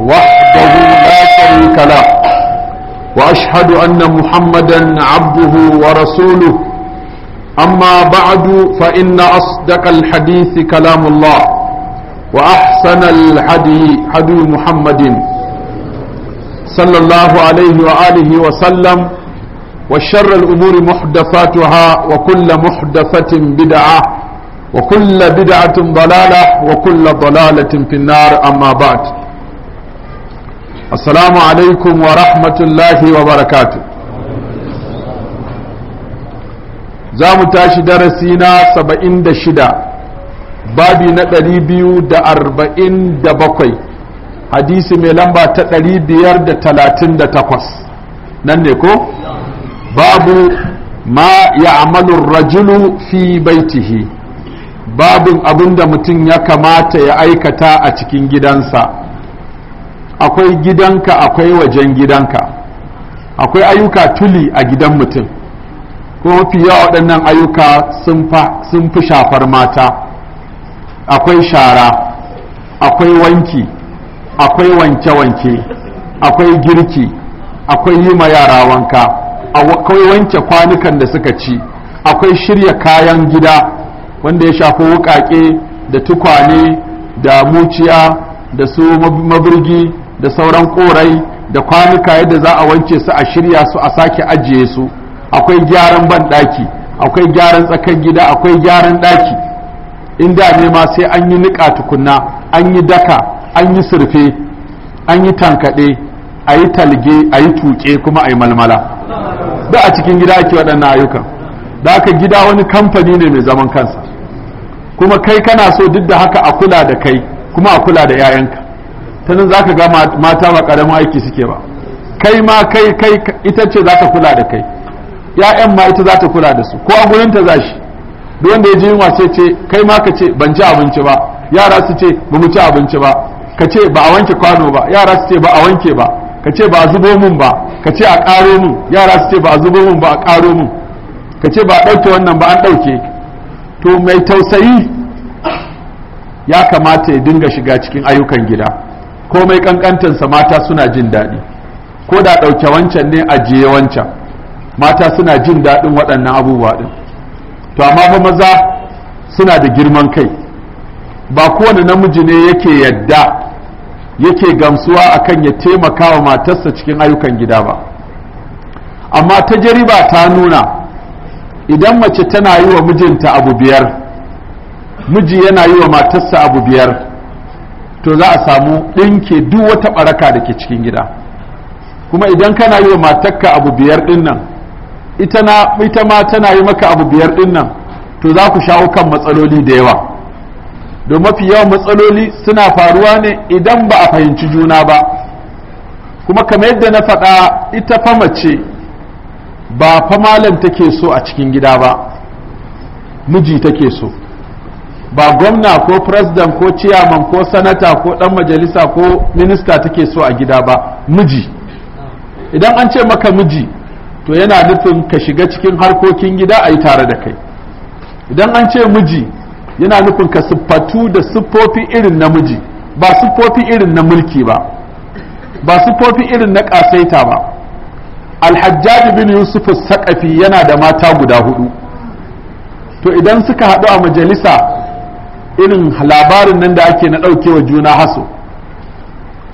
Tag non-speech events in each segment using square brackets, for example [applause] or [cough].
وحده لا شريك له وأشهد أن محمدا عبده ورسوله أما بعد فإن أصدق الحديث كلام الله وأحسن الحدي حدي محمد صلى الله عليه وآله وسلم وشر الأمور محدثاتها وكل محدثة بدعة وكل بدعة ضلالة وكل ضلالة في النار أما بعد assalamu alaikum wa rahmatullahi wa barakatu za mu tashi darasi na saba'in da shida babi na ɗari biyu da arba'in da bakwai hadisi mai lamba ta ɗari biyar da talatin da takwas nan ne ko babu ma ya rajulu fi baitihi babin abin da mutum ya kamata ya aikata a cikin gidansa akwai gidanka akwai wajen gidanka akwai ayyuka tuli a gidan mutum ko mafi yawa waɗannan ayyuka sun fi shafar mata akwai shara akwai wanki akwai wanke-wanke akwai girki akwai yi ma yara wanka akwai wanke kwanukan da suka ci akwai shirya kayan gida wanda ya shafi wuƙaƙe da tukwane da muciya da su mabirgi da sauran korai da kwanuka yadda za a wanke su a shirya su a sake ajiye su akwai gyaran ban daki akwai gyaran tsakar gida akwai gyaran daki inda ne ma sai an yi nika tukunna an yi daka an yi surfe an yi tankaɗe a yi talge a yi tuƙe kuma a yi malmala da a cikin gida ake waɗannan ayyukan da aka gida wani kamfani ne mai zaman kansa kuma kai kana so duk da haka a kula da kai kuma a kula da 'ya'yanka ta nan za ka ga mata ba ƙaramin aiki suke ba kai ma kai kai ita ce za ta kula da kai ya'yan ma ita za ta kula da su ko a gurin ta za shi duk wanda ya ji yunwa ce ce kai ma ka ce ban ci abinci ba yara su ce ba mu ci abinci ba ka ce ba a wanke kwano ba yara su ce ba a wanke ba ka ce ba a zubo min ba ka ce a ƙaro min yara su ce ba a zubo min ba a ƙaro min ka ce ba a ɗauke wannan ba an ɗauke to mai tausayi ya kamata ya dinga shiga cikin ayyukan gida komai kankantansa mata suna jin daɗi ko da ɗauke wancan ne ajiye wancan mata suna jin daɗin waɗannan abubuwa ɗin to amma fa maza suna da girman kai ba kowane namiji ne yake yadda yake gamsuwa akan ya taimaka wa matarsa cikin ayyukan gida ba amma ta jariba ta nuna idan mace tana yi wa mijinta abu biyar miji yana yi wa matarsa abu biyar to za a samu ɗinke duk wata ɓaraka da ke cikin gida kuma idan kana yi wa matakka abu biyar ɗin nan ita ma tana yi maka abu biyar ɗin nan to za ku shawo kan matsaloli da yawa don mafi yawan matsaloli suna faruwa ne idan ba a fahimci juna ba kuma kamar yadda na faɗa ita fa mace ba fa malam take so a cikin gida ba miji take so ba gwamna ko firesidant ko ciyaman ko sanata ko ɗan majalisa ko minista take so a gida ba miji idan an ce maka miji to yana nufin ka shiga cikin harkokin gida a yi tare da kai idan an ce miji yana nufin ka siffatu da siffofi irin na miji ba siffofi irin na mulki ba ba siffofi irin na ƙasaita ba alhajjaji bin yusuf sakafi yana da mata guda hudu to idan suka haɗu a majalisa irin labarin nan da ake na ɗauke wa juna haso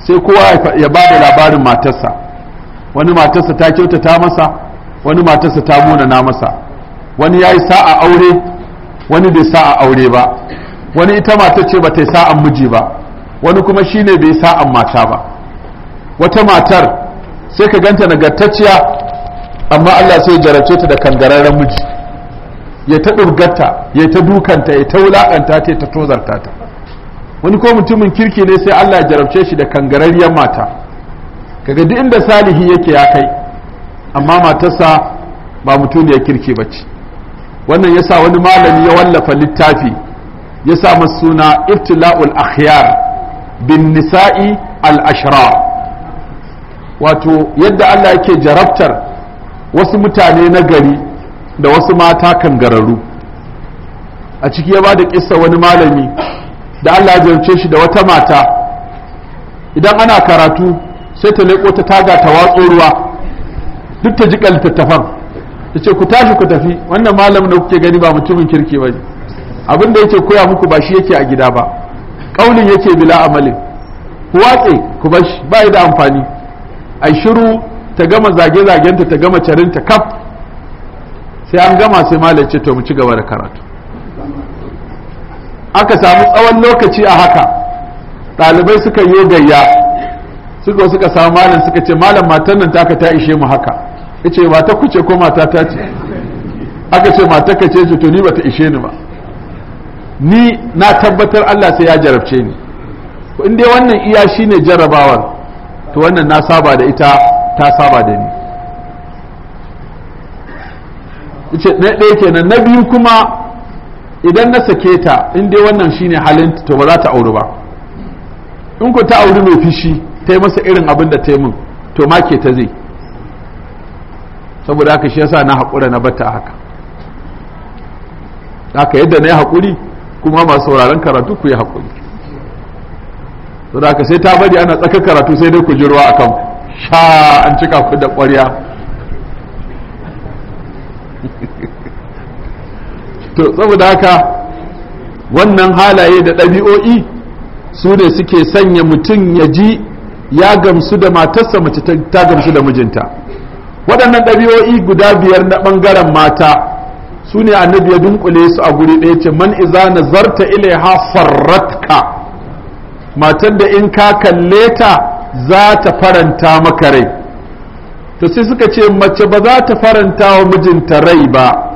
sai kowa ya ba da labarin matarsa wani matarsa ta kyautata masa wani matarsa ta munana masa wani ya yi sa'a aure wani bai sa'a aure ba wani ita mata ce ba ta yi sa'an miji ba wani kuma shi ne bai sa'an mata ba wata matar sai ka ganta nagartacciya amma Allah sai ya jarabce ta da kangararren miji ya ta ɗurgarta ya ta dukanta ya ta wulaƙanta ta ta tozarta ta wani ko mutumin kirki ne sai Allah ya jarabce shi da kangararriyar mata kaga duk inda salihi yake ya kai amma matarsa ba mutum ya kirki ce wannan yasa wani malami ya wallafa littafi ya sa ma suna iftila'ul akhyar bin nisa'i al ashrar wato yadda Allah yake jarabtar wasu mutane na gari da wasu mata kan kangararru a ciki ya ba da kissa wani malami da Allah ya jarce shi da wata mata idan ana karatu sai ta leko ta taga ta watso ruwa duk ta ji littattafan ta ce ku tashi ku tafi wannan malam da kuke gani ba mutumin kirki ba ne abin da yake koya muku ba shi yake a gida ba ƙaunin yake bila amalin ku watse ku bashi, ba ba da amfani ai shiru ta gama zage-zagenta ta gama carinta kaf sai an gama sai malam ce to mu ci gaba da karatu aka samu tsawon lokaci a haka ɗalibai suka yi gayya suka suka samu malam suka ce malam matan nan taka ta ishe mu haka ce mata ku ce ko mata ta ce aka ce mata ka ce to ni bata ishe ni ba ni na tabbatar Allah sai ya jarabce ni in dai wannan iya shine jarabawar to wannan na saba da ita ta saba da ni ce na ɗaya kenan na biyu kuma idan na sake ta in dai wannan shine halin to ba za ta auri ba in ku ta auri mai fishi ta yi masa irin abin da ta yi min to ma ke ta zai saboda haka shi yasa na haƙura na bata haka haka yadda na yi haƙuri kuma masu sauraron karatu ku yi haƙuri saboda haka sai ta bari ana tsaka karatu sai dai ku ji ruwa akan sha an cika ku da ƙwarya to saboda haka wannan halaye da ɗabi'o'i su ne suke sanya mutum ya ji ya gamsu da matarsa mace ta gamsu da mijinta waɗannan ɗabi'o'i guda biyar na ɓangaren mata su ne annabi ya dunkule su a guri ɗaya ce man iza nazarta ilaiha farratka matar da in ka kalle ta za ta faranta maka rai to sai suka ce mace ba za ta faranta wa mijinta rai ba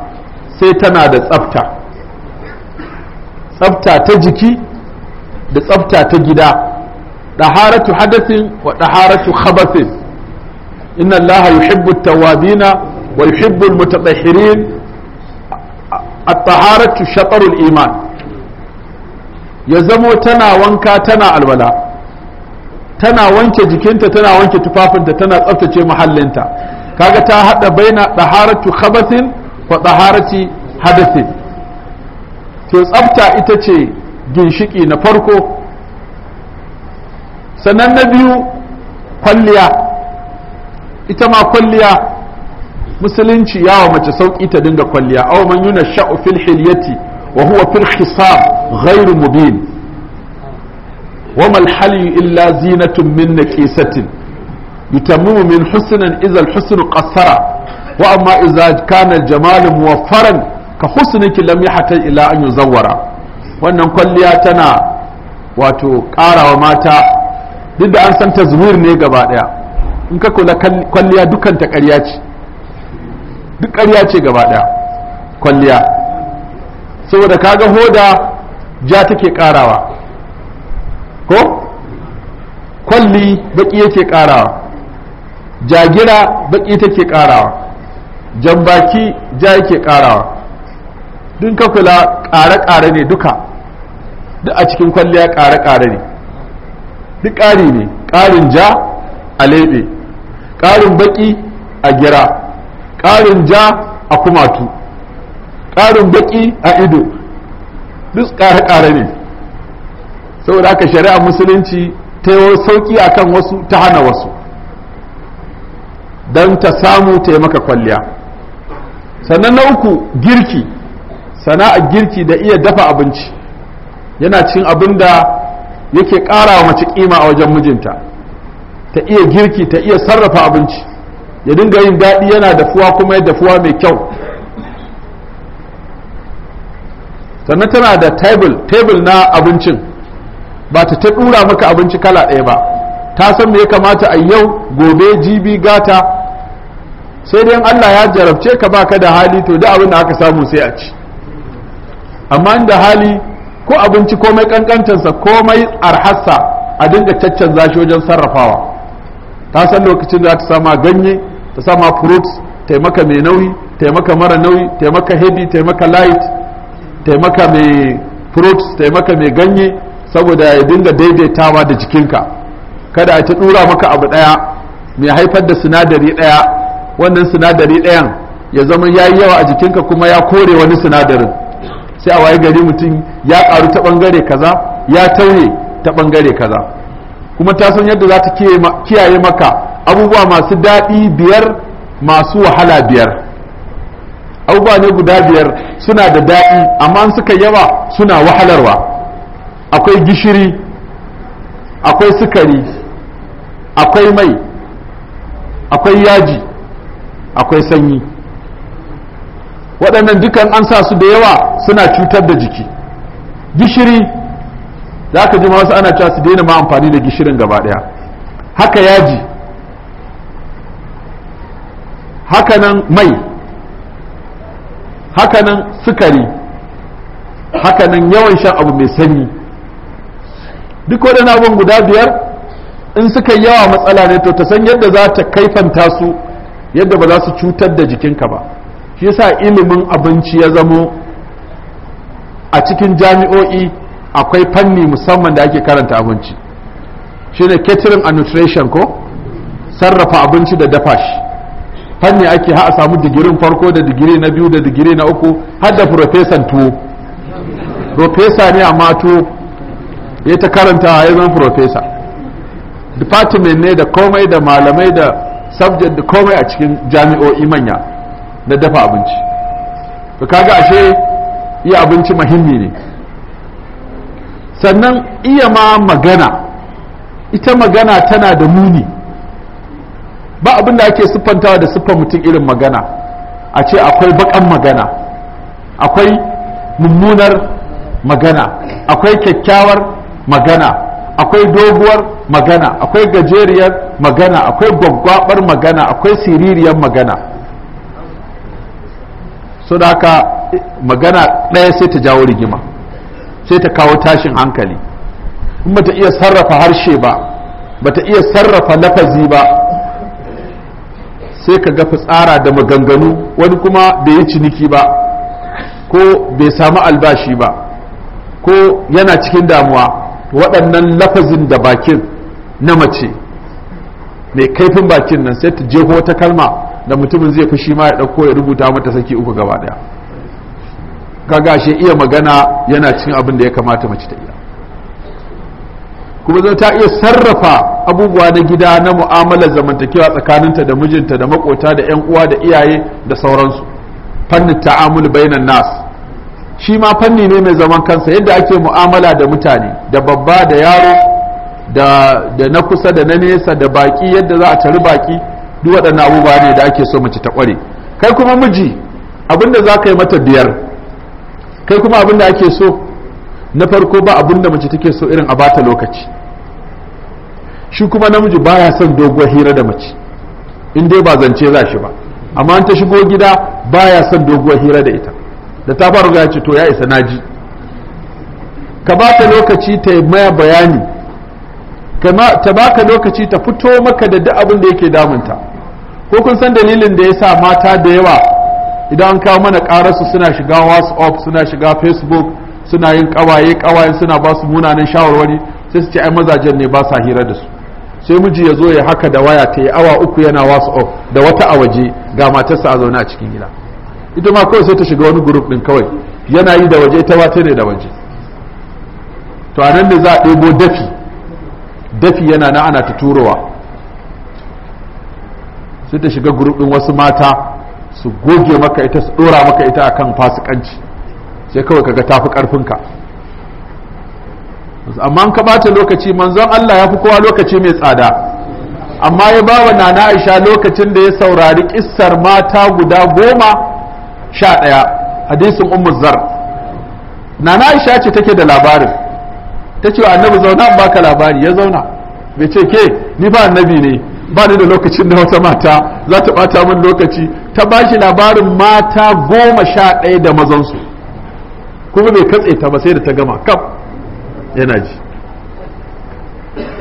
sai tana da tsafta tsafta ta jiki da tsafta ta gida ɗaharatu hadasin wa ɗaharatu khabasin inna allaha yuhibbu tawabina wa yuhibbu almutatahhirin at-taharatu shatarul iman ya zamo tana wanka tana alwala tana wanke jikinta tana wanke tufafinta tana tsaftace muhallinta kaga ta hada baina daharatu khabathin wa taharati to tsafta ita ce ginshiki na farko sannan na biyu kwalliya ita ma kwalliya musulunci yawa mace sauki ta dinga kwalliya aw man yuna sha'u fil hilyati wa huwa fil khisab ghairu mubin wa mal halyu illa zinatun min naqisatin yutammu min husnan idza al husnu qassara wa amma idza kana al-jamal muwaffaran ka husniki lam yahta ila an yuzawwara wannan kwalliya tana wato karawa mata duk da an san ta zuhur ne gaba daya in ka kula kwalliya dukan ta ƙarya ce duk ƙarya ce gaba daya kwalliya saboda kaga hoda ja take karawa ko kwalli baki yake karawa jagira baki take karawa jan baki ja yake karawa din ka kula ƙare-ƙare ne duka duk a cikin kwalliya ƙare-ƙare ne duk ƙari ne ƙarin ja a leɓe ƙarin baƙi a gira ƙarin ja a kumatu ƙarin baƙi a ido duk ƙare-ƙare ne saboda haka shari'a musulunci ta yi sauƙi kan wasu ta hana wasu Dan ta samu ta yi maka kwalliya sannan na uku girki sana'ar girki da iya dafa abinci yana cikin abin da yake kara wa mace ƙima a wajen mijinta ta iya girki ta iya sarrafa abinci ya dinga yin daɗi yana dafuwa kuma ya dafuwa mai kyau sannan tana da table table na abincin ba ta ta ɗura maka abinci kala ɗaya ba ta san me ya kamata a yau gobe jibi gata sai dai Allah ya jarabce ka baka da hali to da abin da aka samu sai a ci amma da hali ko abinci komai kankantansa komai arhassa a dinga caccan zashi wajen sarrafawa ta san lokacin da ta sama ganye ta sama fruits taimaka mai nauyi taimaka mara nauyi taimaka heavy taimaka light taimaka mai fruits taimaka mai ganye saboda ya dinga daidaitawa da jikinka kada a ta dura maka abu daya mai haifar da sinadari daya wannan sinadari ɗayan ya zama ya yi yawa a jikinka kuma ya kore wani sinadarin sai a waye gari mutum ya ƙaru ta ɓangare kaza ya tauye ta ɓangare kaza kuma ta san yadda za ta kiyaye maka abubuwa masu daɗi biyar masu wahala biyar abubuwa ne guda biyar suna da daɗi amma suka yawa suna wahalarwa akwai gishiri akwai sukari akwai mai akwai yaji akwai sanyi waɗannan dukan an sa su da yawa suna cutar da jiki gishiri za ka ji wasu ana cewa su daina ma amfani da gishirin gaba ɗaya haka yaji haka nan mai haka nan sukari haka nan yawan shan abu mai sanyi duk waɗannan abin guda biyar in suka yawa matsala ne to ta san yadda za ta kaifanta su yadda ba za su cutar da jikinka ba shi yasa ilimin abinci ya zamo a cikin jami'o'i akwai fanni musamman da ake karanta abinci shi ne catering and nutrition ko sarrafa abinci da dafa shi fanni ake ha a samu digirin farko da digiri na biyu da digiri na uku har da profesan tuwo profesa ne amma tuwo ya ta karanta ya zama profesa department ne da komai da malamai da subject da komai a cikin jami'o'i manya na dafa abinci to kaga ashe iya abinci muhimmi ne sannan iya ma magana ita magana tana da muni ba abin da ake siffantawa da siffan mutum irin magana a ce akwai bakan magana akwai mummunar magana akwai kyakkyawar magana akwai doguwar magana akwai gajeriyar magana akwai gwaggwabar magana akwai siririyar magana su da haka magana ɗaya sai ta jawo rigima sai ta kawo tashin hankali in bata iya sarrafa harshe ba bata iya sarrafa lafazi ba sai ka ga fitsara da maganganu wani kuma bai yi ciniki ba ko bai samu albashi ba ko yana cikin damuwa waɗannan lafazin da bakin na mace mai kaifin bakin nan sai ta jeho wata kalma da mutumin zai shi ma ya ɗauko ya rubuta mata saki uku gaba ɗaya kaga shi iya magana yana cikin abin da ya kamata mace ta iya kuma zai ta iya sarrafa abubuwa na gida na mu'amalar zamantakewa tsakaninta da mijinta da maƙota da 'yan uwa da iyaye da sauransu fannin ta'amul bainan nas shi ma fanni ne mai zaman kansa yadda ake mu'amala da mutane da babba da yaro da na kusa da na nesa da baki yadda za a tari baki duk waɗannan abubuwa ne da ake so mace ta ƙware kai kuma miji abinda za ka yi mata biyar kai kuma abinda ake so na farko ba abinda mace take so irin a bata lokaci shi kuma namiji baya son doguwar hira da mace in dai ba zance za shi ba amma an ta shigo gida baya son doguwar hira da ita da ta faru ya ce to ya isa naji ka ba ta lokaci ta maya bayani ta ba ka lokaci ta fito maka da duk abin da yake damunta ko kun san dalilin da ya sa mata da yawa idan an kawo mana kararsu suna shiga whatsapp suna shiga facebook suna yin ƙawaye ƙawayen suna ba su munanan shawarwari sai su ce ai mazajen ne ba sa hira da su sai miji ya zo ya haka da waya ta yi awa uku yana wasu da wata a waje ga matarsa a zaune a cikin gida ita ma kawai sai ta shiga wani group din kawai yana yi da waje ita ma ne da waje to a nan ne za a ɗebo dafi dafi yana na ana ta turowa sai ta shiga group din wasu mata su goge maka ita su ɗora maka ita akan fasikanci sai kawai kaga tafi ƙarfinka amma an ka ɓata lokaci manzon Allah ya fi kowa lokaci mai tsada amma ya ba wa nana Aisha lokacin da ya saurari kissar mata guda goma sha ɗaya hadisin ummu zar nana aisha ce take da labarin ta ce annabi zauna ba ka labari ya zauna bai ce ke ni ba annabi ne ba ni da lokacin da wata mata za ta bata min lokaci ta ba shi labarin mata goma sha ɗaya da mazansu kuma bai katse ta ba sai da ta gama kaf yana ji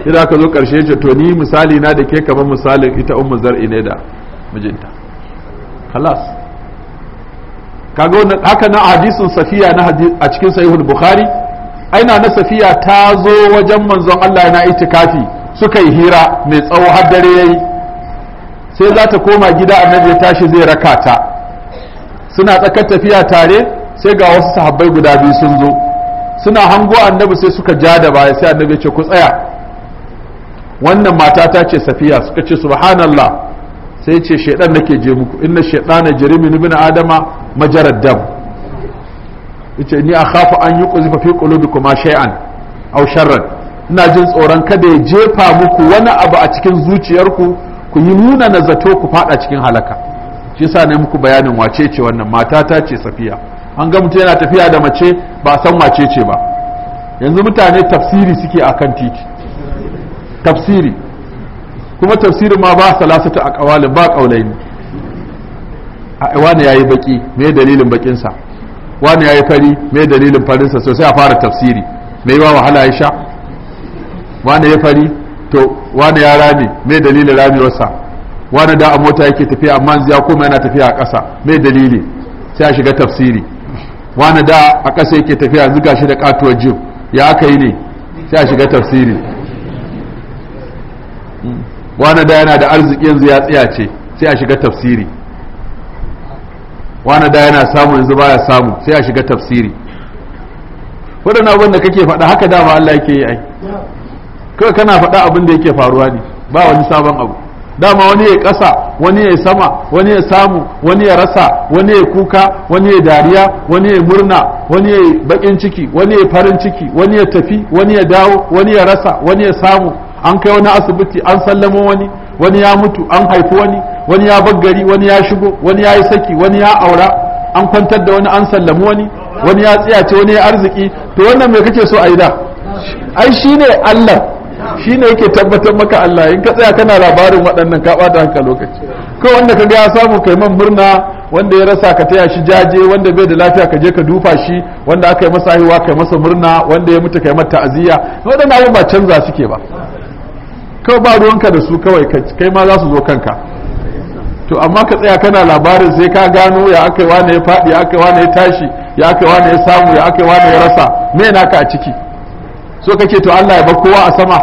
idan aka zo karshe ce to ni misali na da ke kamar misalin ita ummu zar'i ne da mijinta خلاص kaga wannan haka na hadisin safiya na a cikin sahihul bukhari aina na safiya ta zo wajen manzon Allah yana itikafi suka yi hira mai tsawo har dare yayi sai za ta koma gida annabi ya tashi zai raka ta suna tsakar tafiya tare sai ga wasu sahabbai guda biyu sun zo suna hango annabi sai suka ja da baya sai annabi ya ce ku tsaya wannan mata ta ce safiya suka ce subhanallah sai ce shaidan nake je muku inna shaidana jarimi ibn adama majarad dam yace ni khafa an yuqzifa fi qulubikum shay'an aw sharran ina jin tsoron kada ya jefa muku wani abu a cikin zuciyarku ku yi nuna na zato ku fada cikin halaka shi yasa ne muku bayanin wace ce wannan matata ce safiya an ga mutum yana tafiya da mace ba san wace ce ba yanzu mutane tafsiri suke akan titi tafsiri kuma tafsirin ma ba salasatu a ƙawalin ba ƙaulaini a wani yayi baki me dalilin sa wani yayi fari me dalilin farinsa sosai a fara tafsiri me yawa wahala ya sha wani ya fari to wani ya rami me dalilin sa? wani da a mota yake tafiya amma ziya koma yana tafiya a ƙasa me dalili sai a shiga tafsiri wani da a ƙasa yake tafiya zuga shi da katuwar jim ya aka yi ne sai a shiga tafsiri wani da yana da arziki yanzu ya tsaya ce sai a shiga tafsiri wani da yana samu yanzu baya samu sai a shiga tafsiri wadda abin da kake faɗa haka dama Allah yake yi ai kawai kana faɗa abin da yake faruwa ne ba wani sabon abu dama wani ya ƙasa wani ya sama wani ya samu wani ya rasa wani ya kuka wani ya dariya wani ya murna wani ya bakin ciki wani ya farin ciki wani ya tafi wani ya dawo wani ya rasa wani ya samu an kai wani asibiti an sallamo wani wani ya mutu an haifi wani wani ya baggari wani ya shigo wani ya yi saki wani ya aura an kwantar da wani an sallamu wani wani ya tsiyace wani ya arziki to wannan me kake so a yi da ai shine Allah shine yake tabbatar maka Allah in ka tsaya kana labarin waɗannan ka ɓata hanka lokaci ko wanda ga ya samu kai man murna wanda ya rasa ka taya shi jaje wanda bai da lafiya ka je ka dufa shi wanda aka yi masa haihuwa kai masa murna wanda ya mutu kai mata ta'aziyya waɗannan abin ba canza suke ba kawai ba ruwanka da su kawai kai ma za su zo kanka to amma ka tsaya kana labarin sai ka gano ya aka wane ya faɗi ya aka wane ya tashi ya aka wane ya samu ya aka wane ya rasa me na ka a ciki so kake to Allah ya bar kowa a sama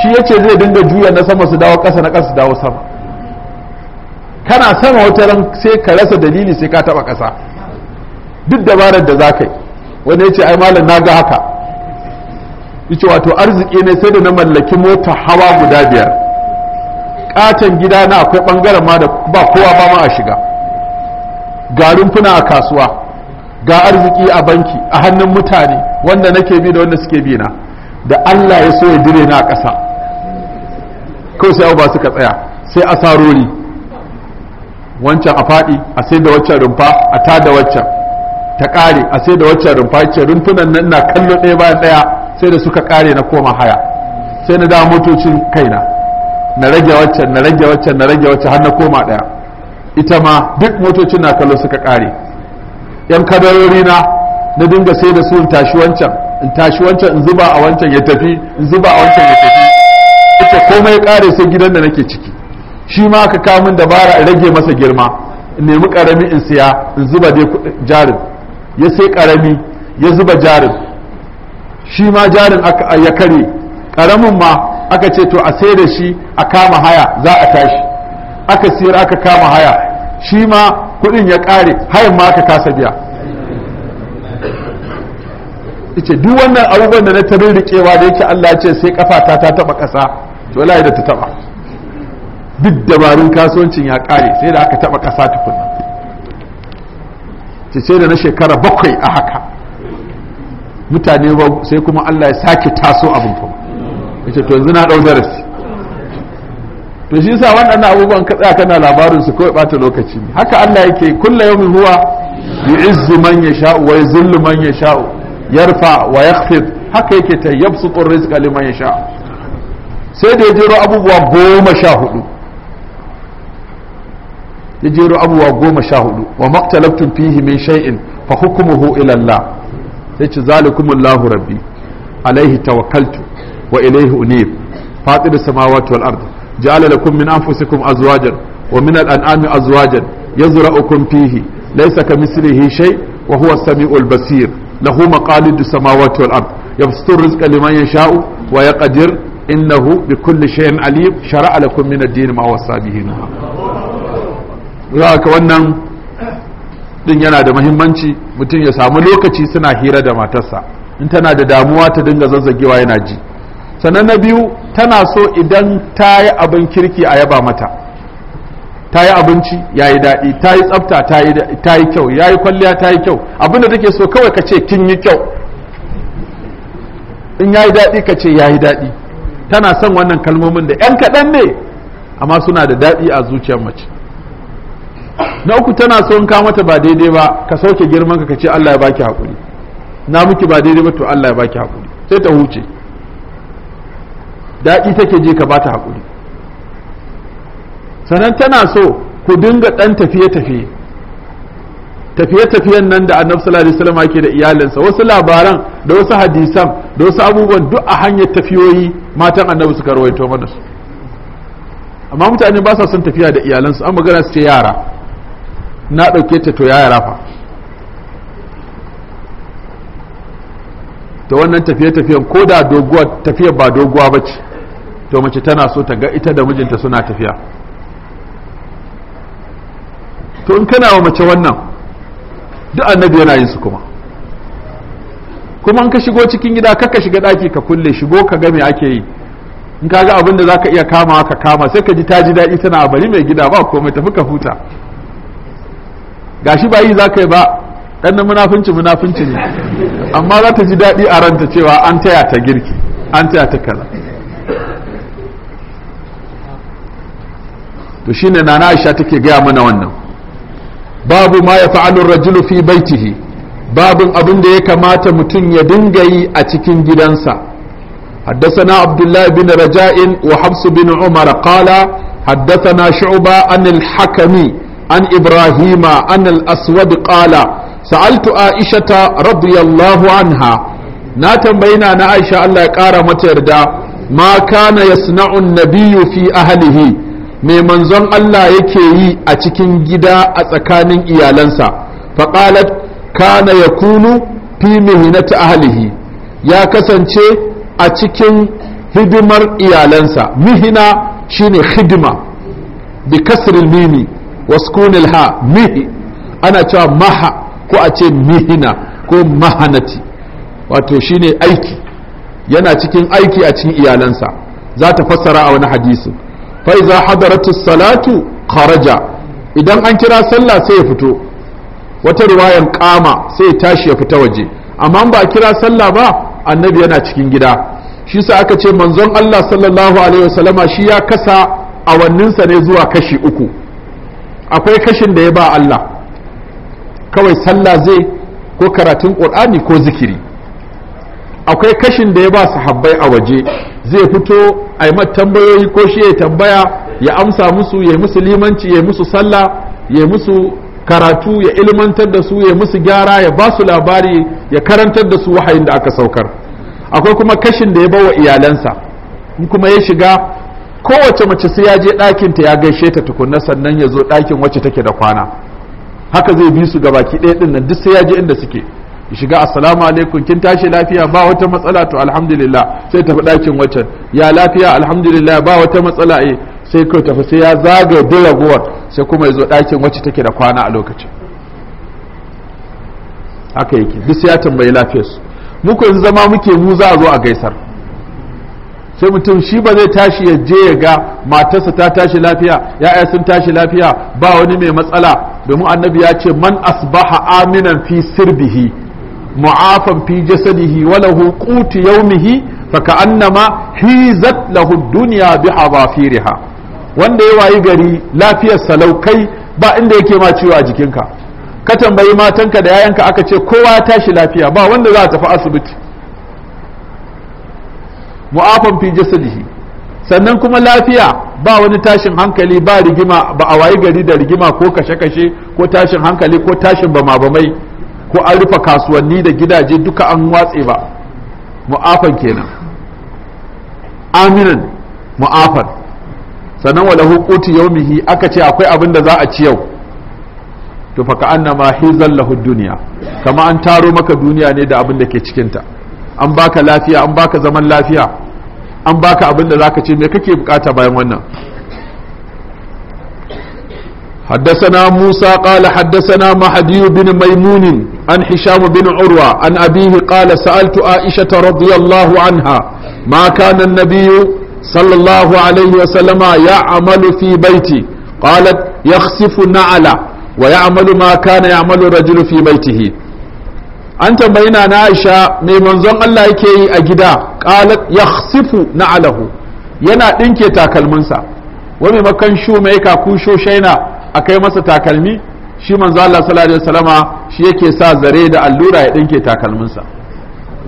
shi yace zai dinga juya na sama su dawo kasa na ƙasa su dawo sama kana sama wata ran sai ka rasa dalili sai ka taba kasa duk dabarar da zakai wanda yace ya ce ai malam na ga haka yace wato arziki ne sai da na mallaki mota hawa guda biyar katon gida na akwai bangaren ma da ba kowa ba ma a shiga ga rumfuna a kasuwa ga arziki a banki a hannun mutane wanda nake bi da wanda suke bi na da Allah ya so ya dire na ƙasa kawai sai ba suka tsaya sai a asarori wancan a faɗi a sai da waccan rumfa a ta da waccan ta ƙare a sai da waccan rumfa ce rumfunan nan na kallo ɗaya bayan ɗaya sai da suka kare na koma haya sai na dawo motocin kaina na rage waccan na rage waccan na rage waccan har na koma daya ita ma duk motocin na kallo suka kare yan kadarori na na dinga sai da su in tashi wancan in tashi wancan in zuba a wancan ya tafi in zuba a wancan ya tafi ita komai kare sai gidan da nake ciki shi ma aka kamun dabara in rage masa girma in nemi karami in siya in zuba dai jarin ya sai karami ya zuba jarin shi ma jarin ya kare ƙaramin ma aka ce to a sai da shi a kama haya za a tashi aka siyar aka kama haya shi ma kuɗin ya ƙare hayan ma aka kasa biya ce duk wannan abubuwan da na tabi riƙewa da yake Allah ce sai kafata ta taɓa ƙasa to wallahi da ta taɓa duk dabarun kasuwancin ya ƙare sai da aka taɓa ƙasa tukunna ce sai da na shekara bakwai a haka mutane ba sai kuma Allah ya sake taso abin kuma yace to yanzu na dau darasi to shi yasa waɗannan abubuwan ka tsaya kana labarin su kawai bata lokaci ne haka Allah yake kullu yawmin huwa yu'izzu man yasha'u wa yuzillu man yasha'u yarfa wa yakhfid haka yake ta yabsutu rizqa liman yasha'u sai da ya jero abubuwa goma sha hudu ya jero abubuwa goma sha hudu wa maktalabtun fihi min shay'in fa hukmuhu ila Allah sai ce zalikumullahu rabbi alaihi tawakkaltu wa ilaihi unib fatir samawati wal ard ja'ala lakum min anfusikum azwajan wa min al-an'ami azwajan yazra'ukum fihi laysa kamithlihi shay wa huwa as-sami'ul basir lahu maqalidus samawati wal ard يبسط الرزق لمن يشاء ويقدر innahu بكل شيء عليم شرع لكم من الدين ما وصى به نهى ذاك wannan din yana da muhimmanci mutum ya samu lokaci suna hira da matarsa in tana da damuwa ta dinga zazzagewa yana ji sannan na biyu tana so idan ta yi abin kirki a yaba mata ta yi abinci ya yi daɗi ta yi tsafta ta yi kyau ya yi kwalliya ta yi kyau abin da take so kawai ka ce kin yi kyau in ya yi daɗi ka ce ya yi daɗi tana son wannan kalmomin da 'yan kaɗan ne amma suna da daɗi a zuciyar mace na uku tana so in ka mata ba daidai ba ka sauke girman ka ce Allah ya baki hakuri na miki ba daidai ba to Allah ya baki hakuri sai ta huce daɗi take je ka bata hakuri sannan tana so ku dinga ɗan tafiye-tafiye tafiye-tafiyen nan da annabi sallallahu alaihi wasallam yake da iyalinsa wasu labaran da wasu hadisan da wasu abubuwan duk a hanyar tafiyoyi matan annabi suka rawaito mana su amma mutane ba sa son tafiya da iyalansu an magana su ce yara na ɗauke ta to ya rafa ta wannan tafiye-tafiyen ko da doguwa tafiya ba doguwa ba ce to mace tana so ta ga ita da mijinta suna tafiya to in kana wa mace wannan duk annabi yana yin su kuma kuma in ka shigo cikin gida kaka shiga daki ka kulle shigo ka ga me ake yi in ka ga abin da zaka iya kama ka kama sai ka ji ta ji daɗi tana bari mai gida ba komai tafi ka huta gashi ba yi za ka yi ba ɗan munafunci munafunci ne amma za ta ji daɗi a ranta cewa an taya ta girki an taya ta kaza to shine nana Aisha take gaya mana wannan babu ma ya fa'alu rajulu fi baitihi babun abin da ya kamata mutum ya dinga yi a cikin gidansa حدثنا عبد الله بن رجاء وحفص بن عمر قال حدثنا شعبة عن الحكمي an ibrahima an al-aswad qala sa'altu aishata radiyallahu anha na tambayi na na aisha Allah ya kara mata yarda ma kana yasna'u an-nabiyyu fi ahlihi mai manzon Allah yake yi a cikin gida a tsakanin iyalansa faqalat kana yakunu fi mihnati ahlihi ya kasance a cikin hidimar iyalansa mihina shine hidima bi kasril waskunil ha mihi ana cewa maha ko a ce mihina ko mahanati wato shine aiki yana cikin aiki a cikin iyalansa za ta fassara a wani hadisi fa iza hadaratu salatu kharaja idan an kira sallah sai ya fito wata riwayan kama sai ya tashi ya fita waje amma ba a kira sallah ba annabi yana cikin gida shi sa aka ce manzon Allah sallallahu alaihi wasallama shi ya kasa awanninsa ne zuwa kashi uku akwai kashin da ya ba Allah kawai sallah zai ko karatun ƙur'ani ko zikiri akwai kashin da ya ba sahabbai a waje zai fito a yi tambayoyi ko shi ya tambaya ya amsa musu ya yi musu limanci ya yi musu sallah ya yi musu karatu ya ilmantar da su ya yi musu gyara ya ba su labari ya karantar da su wahayin da aka saukar akwai kuma kashin da ya ba wa iyalansa in kuma ya shiga kowace mace sai ya je ɗakinta ya gaishe ta tukunna sannan ya zo ɗakin wacce take da kwana haka zai bi su gabaki ɗaya ɗin nan duk sai ya je inda suke ya shiga assalamu alaikum kin tashi lafiya ba wata matsala to alhamdulillah sai tafi ɗakin waccan ya lafiya alhamdulillah ba wata matsala eh sai kai tafi sai ya zaga duk sai kuma ya zo ɗakin wacce take da kwana a lokacin haka yake duk sai ya tambayi lafiyarsu muku yanzu zama muke mu za a zo a gaisar sai mutum shi ba zai tashi ya je ya ga matarsa ta tashi lafiya ya'ya sun tashi lafiya ba wani mai matsala domin annabi ya ce man asbaha aminan fi sirbihi mu'afan fi jasadihi wa lahu qutu yawmihi fa ka'annama hizat lahu dunya bi hadafiriha wanda ya wayi gari lafiyar salaukai ba inda yake ma ciwo a jikinka ka tambayi matanka da yayanka aka ce kowa ya tashi lafiya ba wanda za a tafi asibiti mu'afan fi jasadihi sannan kuma lafiya ba wani tashin hankali ba rigima ba a wayi gari da rigima ko kashe-kashe ko tashin hankali ko tashin bama-bamai ko an rufe kasuwanni da gidaje duka an watse ba mu'afan kenan aminan mu'afan sannan wala hukuti yaumihi aka ce akwai abin da za a ci yau to fa ka annama hizal lahu duniya kama an taro maka duniya ne da abin da ke cikinta an baka lafiya an baka zaman lafiya an baka abin da zaka ce me kake bukata bayan wannan حدثنا موسى قال حدثنا مهدي بن ميمون عن هشام بن عروة عن أبيه قال سألت عائشة رضي الله عنها ما كان النبي صلى الله عليه وسلم يعمل في بيتي قالت يخسف نعلا ويعمل ما كان يعمل الرجل في بيته an tambayi na aisha mai manzon Allah yake yi a gida qalat yakhsifu na'alahu yana dinke takalminsa wa mai makan shu mai ka sho shaina akai masa takalmi shi manzo Allah sallallahu alaihi wasallama shi yake sa zare da allura ya dinke takalminsa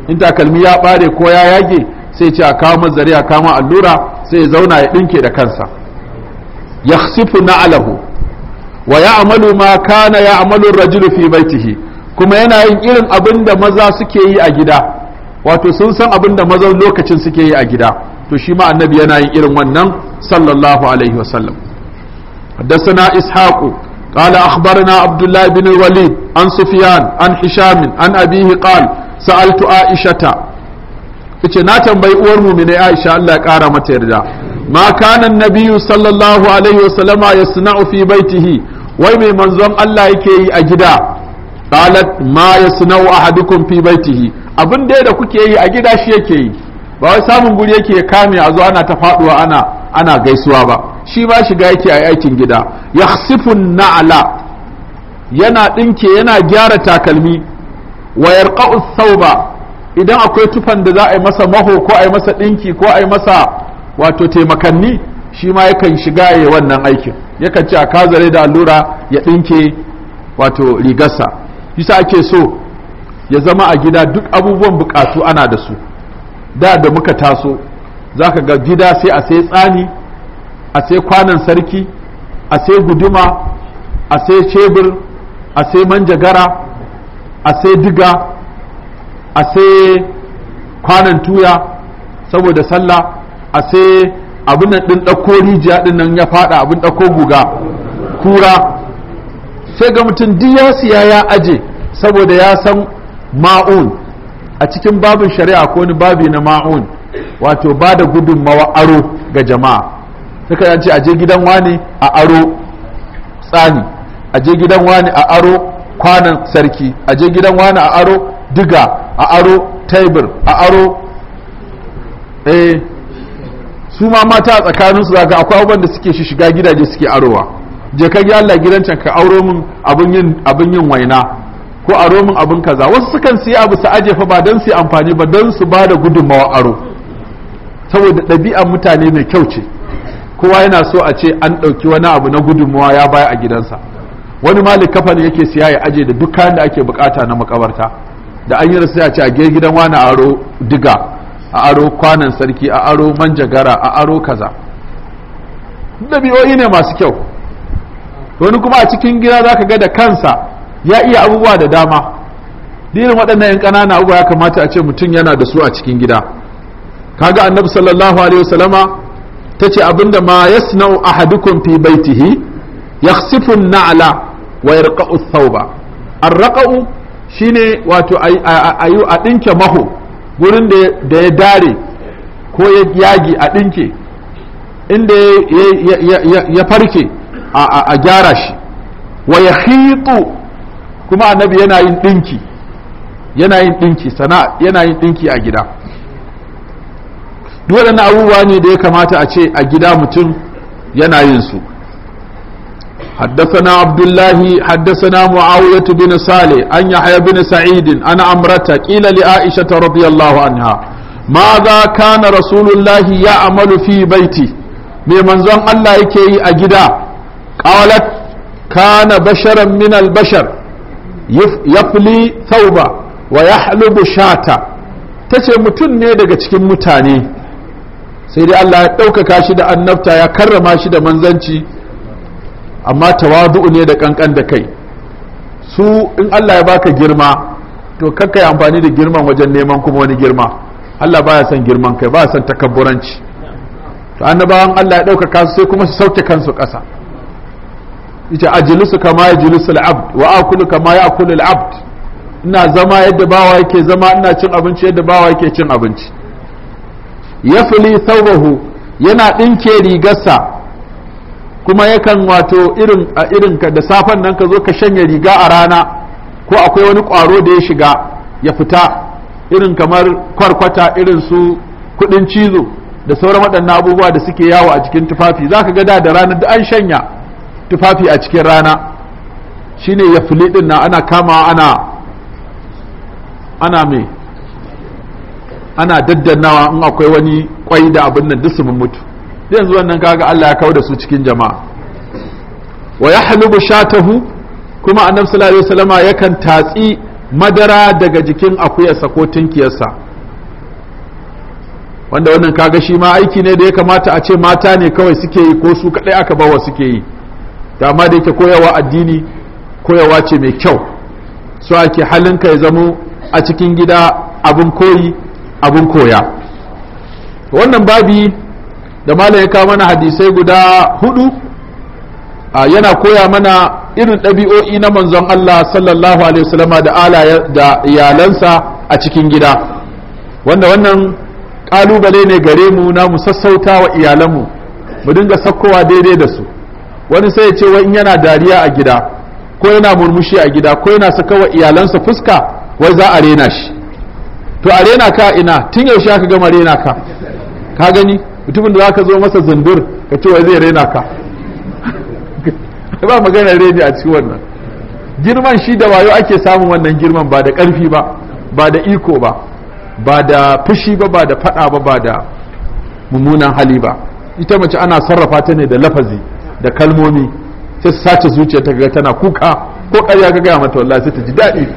in takalmi ya bare ko ya yage sai ce a kawo zare a kawo allura sai ya zauna ya dinke da kansa yakhsifu na'alahu wa ya'malu ma kana ya'malu ar-rajulu fi baitihi kuma yana yin irin abin da maza suke yi a gida wato sun san abin da maza lokacin suke yi a gida to shi ma annabi yana yin irin wannan sallallahu alaihi wasallam حدثنا إسحاق قال أخبرنا عبد الله بن الوليد عن سفيان عن هشام عن أبيه قال سألت عائشة ce na tambayi uwar mu ne Aisha Allah ya kara mata yarda ma kana annabiyyu sallallahu alaihi wasallama yasna'u fi baitihi wai mai manzon Allah yake yi a gida qalat ma yasna'u ahadukum fi baitihi abin da da kuke yi a gida shi yake yi ba wai samun guri yake ya kame a zo ana ta faduwa ana ana gaisuwa ba shi ba shiga yake a aikin gida yakhsifun na'ala yana dinke yana gyara takalmi wa yarqa'u thawba idan akwai tufan da za a yi masa maho ko a yi masa dinki ko a yi masa wato taimakanni shi ma yakan shiga ya wannan aikin yakan ci a kazare da allura ya dinke wato rigarsa yasa ake so ya zama a gida duk abubuwan bukatu ana da su da da muka taso za ka ga gida sai a sai tsani a sai kwanan sarki a sai guduma a sai cebur a sai manjagara a sai diga a sai kwanan tuya saboda sallah a sai abin nan ɗin ɗauko rijiya din nan ya faɗa abin ɗauko guga kura sai ga mutum duk ya siya ya aje saboda ya san ma'un a cikin babin shari'a ko ni babi na ma'un wato ba da gudunmawa aro ga jama'a suka yanci aje gidan wani a aro tsani aje gidan wani a aro kwanan sarki aje gidan wani a aro diga a aro taibir a aro eh su ma mata a tsakaninsu zaga akwai abubuwan da suke shi shiga gidaje suke arowa je ka Allah gidan can ka auro min abin yin abin yin waina ko aro min abin kaza wasu sukan siya abu su aje ba dan su amfani ba dan su ba da gudunmawa aro saboda ɗabi'an mutane mai kyau ce kowa yana so a ce an ɗauki wani abu na gudunmawa ya baya a gidansa wani malik kafa ne yake siya ya aje da duk kayan da ake bukata na makabarta da an yi rasu ya ce a gidan wani aro diga a aro kwanan sarki a aro manjagara a aro kaza ɗabi'o'i ne masu kyau wani kuma a cikin gida zaka ga da kansa ya iya abubuwa da dama dinin waɗannan yan ƙanana abubuwa ya kamata a ce mutum yana da su a cikin gida kaga annabi sallallahu alaihi wasallama tace abinda ma yasna'u ahadukum fi baitihi yakhsifu an-na'la wa yarqa'u ath-thawba ar-raqa'u shine wato ayu a dinke maho gurin da ya dare ko ya yagi a dinke inda ya farke A a a gyara shi. Wa ya hiƙu kuma annabi yana yin ɗinki yana yin ɗinki sana'a yana yin ɗinki a gida. Dua dana abubuwa ne da ya kamata a ce a gida mutum yana yinsu. Haddasa na Abdullahi haddasa na mu'awwatu bin saleh an yahaya bin sa'idin ana amrata li aisha ta anha yallahu ma gaka na rasulullahi ya amma nufi baiti me manzon Allah yake yi a gida. قالت kana basharan من البشر يفلي ثوبا ويحلب شاتا تشي tace mutum ne daga cikin mutane sai dai Allah ya ɗaukaka shi da annabta ya karrama shi da manzanci amma tawadu'u ne da kankan da kai su in Allah ya baka girma to kakka yi amfani da girman wajen neman kuma wani girma Allah baya son girman kai baya son takabburanci to annabawan Allah ya ɗaukaka su sai kuma su sauke kansu ƙasa yace ajlisu kama yajlisu al-abd wa akulu kama ya'kulu al-abd ina zama yadda bawa yake zama ina cin abinci yadda bawa yake cin abinci yafli thawbahu yana dinke rigarsa kuma yakan wato irin a irin ka da safan nan ka zo ka shanya riga a rana ko akwai wani kwaro da ya shiga ya fita irin kamar kwarkwata irin su kudin cizo da sauran waɗannan abubuwa da suke yawo a cikin tufafi zaka ga da da ranar da an shanya tufafi a cikin rana shine ya fili din na ana kama ana ana me ana daddannawa in akwai wani kwai da abin nan dusu mun mutu yanzu wannan kaga Allah ya kawo da su cikin jama'a wa yahlubu shatahu kuma annabi sallallahu alaihi wasallama yakan tatsi madara daga jikin akuyarsa ko tunkiyarsa wanda wannan kaga shi ma aiki ne da ya kamata a ce mata ne kawai suke yi ko su kadai aka bawa suke yi da da yake koyawa addini koyawa ce mai kyau so ake halinka ya zamo a cikin gida abin koyi abin koya wannan babi da malam ya kawo mana hadisai guda hudu yana koya mana irin ɗabi'o'i na manzon Allah sallallahu alaihi wasallama da ala da iyalansa a cikin gida wanda wannan ƙalubale ne gare mu na mu sassauta wa iyalanmu mu dinga sakkowa daidai da su wani sai ya ce wai in yana dariya a gida ko yana murmushi a gida ko yana saka wa iyalansa fuska wai za a rena shi to a rena ka ina tun yaushe aka gama rena ka ka gani mutumin da zaka zo masa zundur ka ce wai zai rena ka [laughs] ba magana reni a cikin wannan girman shi da wayo ake samun wannan girman ba da karfi ba ba da iko ba ba da fushi ba ba da fada ba ba da mummunan hali ba ita mace ana sarrafa ta ne da lafazi da kalmomi sai su sace zuciya ta ga tana kuka ko ƙarya ka gaya mata wallahi sai ta ji daɗi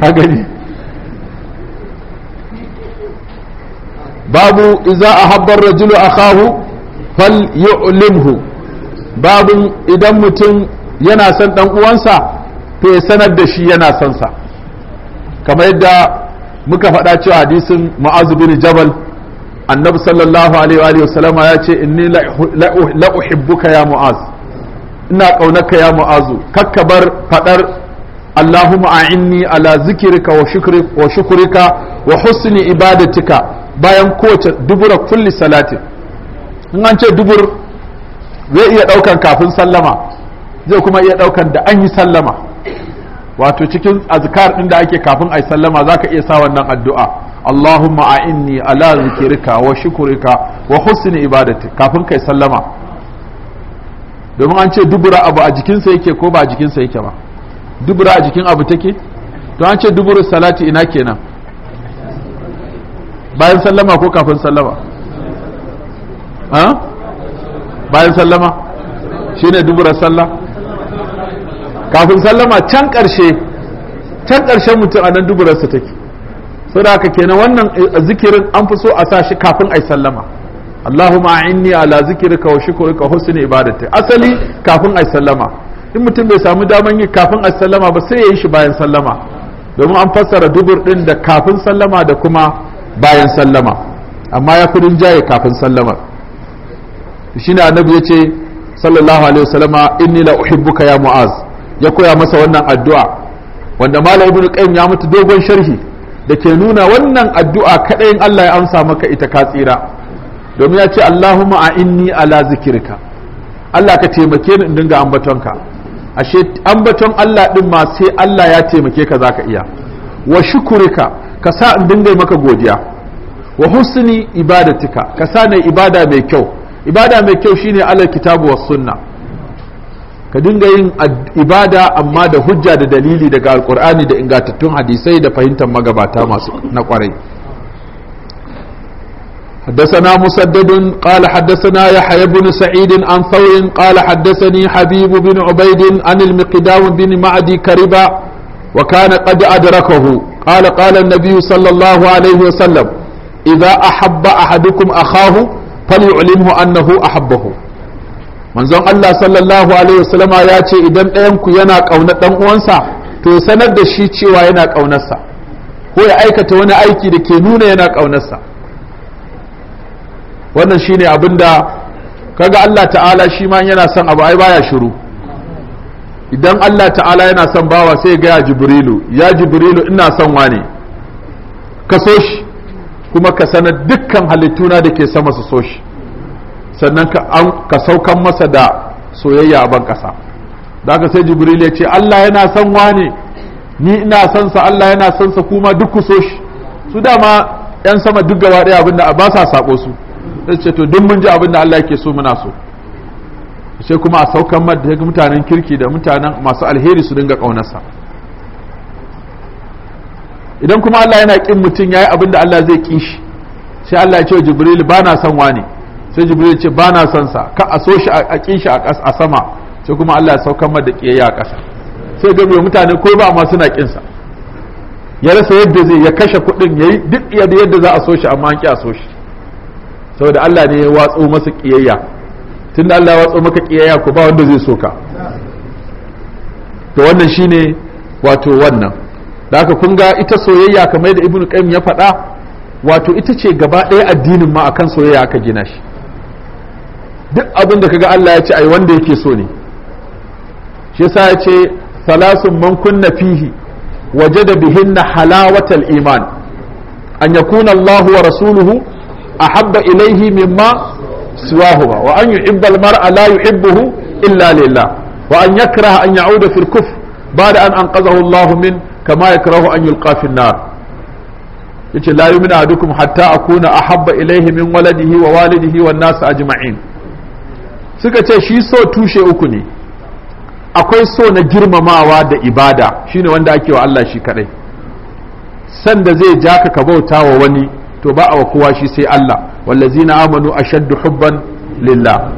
a gani babu iza a habbar rajulu a kahu fal yu'limhu babu idan mutum yana son ɗan uwansa to ya sanar da shi yana son sa kamar yadda muka faɗa cewa hadisin ma'azu bin jabal annabi sallallahu alaihi wa sallama ya ce inni la uhibbuka ya mu'az ina kaunaka ya mu'azu bar fadar allahumma a'inni ala zikirka wa shukrika wa husni ibadatika bayan kowace dubura kulli salatin in an ce dubur zai iya daukan kafin sallama zai kuma iya daukan da an yi sallama wato cikin azkar din da ake kafin ai sallama zaka iya sa wannan addu'a Allahumma inni ala zikrika wa shukrika wa husni ibadati kafin kai sallama domin an ce dubura abu a jikinsa yake ko ba a jikinsa yake ba dubura a jikin abu take to an ce duburu salati ina kenan bayan sallama ko kafin sallama ha bayan sallama shine dubura sallah kafin sallama can ƙarshe can ƙarshen mutum a nan duburarsa take so da haka kenan wannan eh, zikirin an fi so a sa shi kafin ai sallama Allahumma inni ala zikirka wa shukrika husni ibadati asali kafin ai sallama in mutum bai samu daman yi kafin ai sallama ba sai ya yi shi bayan sallama domin an fassara dubur din da kafin sallama da kuma bayan sallama amma ya fi jaye kafin sallama shine annabi ya ce sallallahu alaihi wasallama inni la uhibbuka ya mu'az ya koya masa wannan addu'a wanda malam ibnu qayyim ya mutu dogon sharhi da ke nuna wannan addu'a kaɗai in Allah ya amsa maka ita ka tsira domin ya ce Allahumma a inni ala zikirka Allah ka taimake ni in dinga ambatonka ashe ambaton Allah ɗin ma sai Allah ya taimake ka zaka iya wa shukurika ka sa in dinga maka godiya wa husni ibadatika ka sa ne ibada mai kyau ibada mai kyau shine alal kitabu was sunna ka dinga yin ibada amma da hujja da dalili daga alkur'ani da ingantattun hadisai da fahimtar magabata masu na kwarai حدثنا مسدد قال حدثنا يحيى بن سعيد عن ثور قال حدثني حبيب بن عبيد عن المقدام بن معدي كربا وكان قد أدركه قال قال النبي صلى الله عليه وسلم إذا أحب أحدكم أخاه فليعلمه أنه أحبه manzon Allah sallallahu alaihi wasallama ya ce idan ɗayanku yana ƙauna ɗan uwansa to ya sanar da shi cewa yana ƙaunarsa ko ya aikata wani aiki da ke nuna yana ƙaunarsa wannan shine abin da kaga Allah ta'ala shi ma yana son abu ai baya shiru idan Allah ta'ala yana son bawa sai ga ya jibrilu ya jibrilu ina son wane ka so shi kuma ka sanar dukkan halittuna da ke sama su so shi sannan ka saukan masa da soyayya a ban ƙasa daga sai jibril ya ce Allah yana son wane ni ina son sa Allah yana son sa kuma duk ku so shi su dama yan sama duk gaba ɗaya abinda ba sa sako su sai ce to duk mun ji abinda Allah yake so muna so sai kuma a saukan mad da mutanen kirki da mutanen masu alheri su dinga ƙaunarsa idan kuma Allah yana kin mutum yayi yi abinda Allah zai ƙi shi sai Allah ya ce jibril ba na son wane sai jibril ya ce ba na son sa ka a so shi a kin shi a sama sai kuma Allah ya saukar da kiyayya a ƙasa sai ga mutane ko ba ma suna kin sa ya rasa yadda zai ya kashe kuɗin ya yi duk yadda za a so shi amma an ƙi a so shi saboda Allah ne ya watso masa ƙiyayya tunda Allah ya watso maka ƙiyayya ko ba wanda zai so ka to wannan shine wato wannan da haka kun ga ita soyayya kamar yadda ibnu Qayyim ya faɗa wato ita ce gaba ɗaya addinin ma akan soyayya aka gina shi duk abin da kaga Allah ya ce ai wanda yake so ne shi yasa ya ce salasun man kunna fihi wajada bihinna halawatal iman an yakuna Allah wa rasuluhu ahabba ilaihi mimma siwahuma wa an yuhibba al-mar'a la yuhibbuhu illa lillah wa an yakraha an ya'uda fil kufr ba'da an anqadhahu Allah min kama yakrahu an yulqa fi nar yace la yu'minu ahadukum hatta akuna ahabba ilayhi min waladihi wa walidihi wan nas ajma'in suka ce shi so tushe uku ne akwai so na girmamawa da ibada shine wanda ake wa Allah shi kadai sanda zai ja ka bauta wa wani to ba a wa kowa shi sai Allah wallazina amanu ashaddu hubban lillah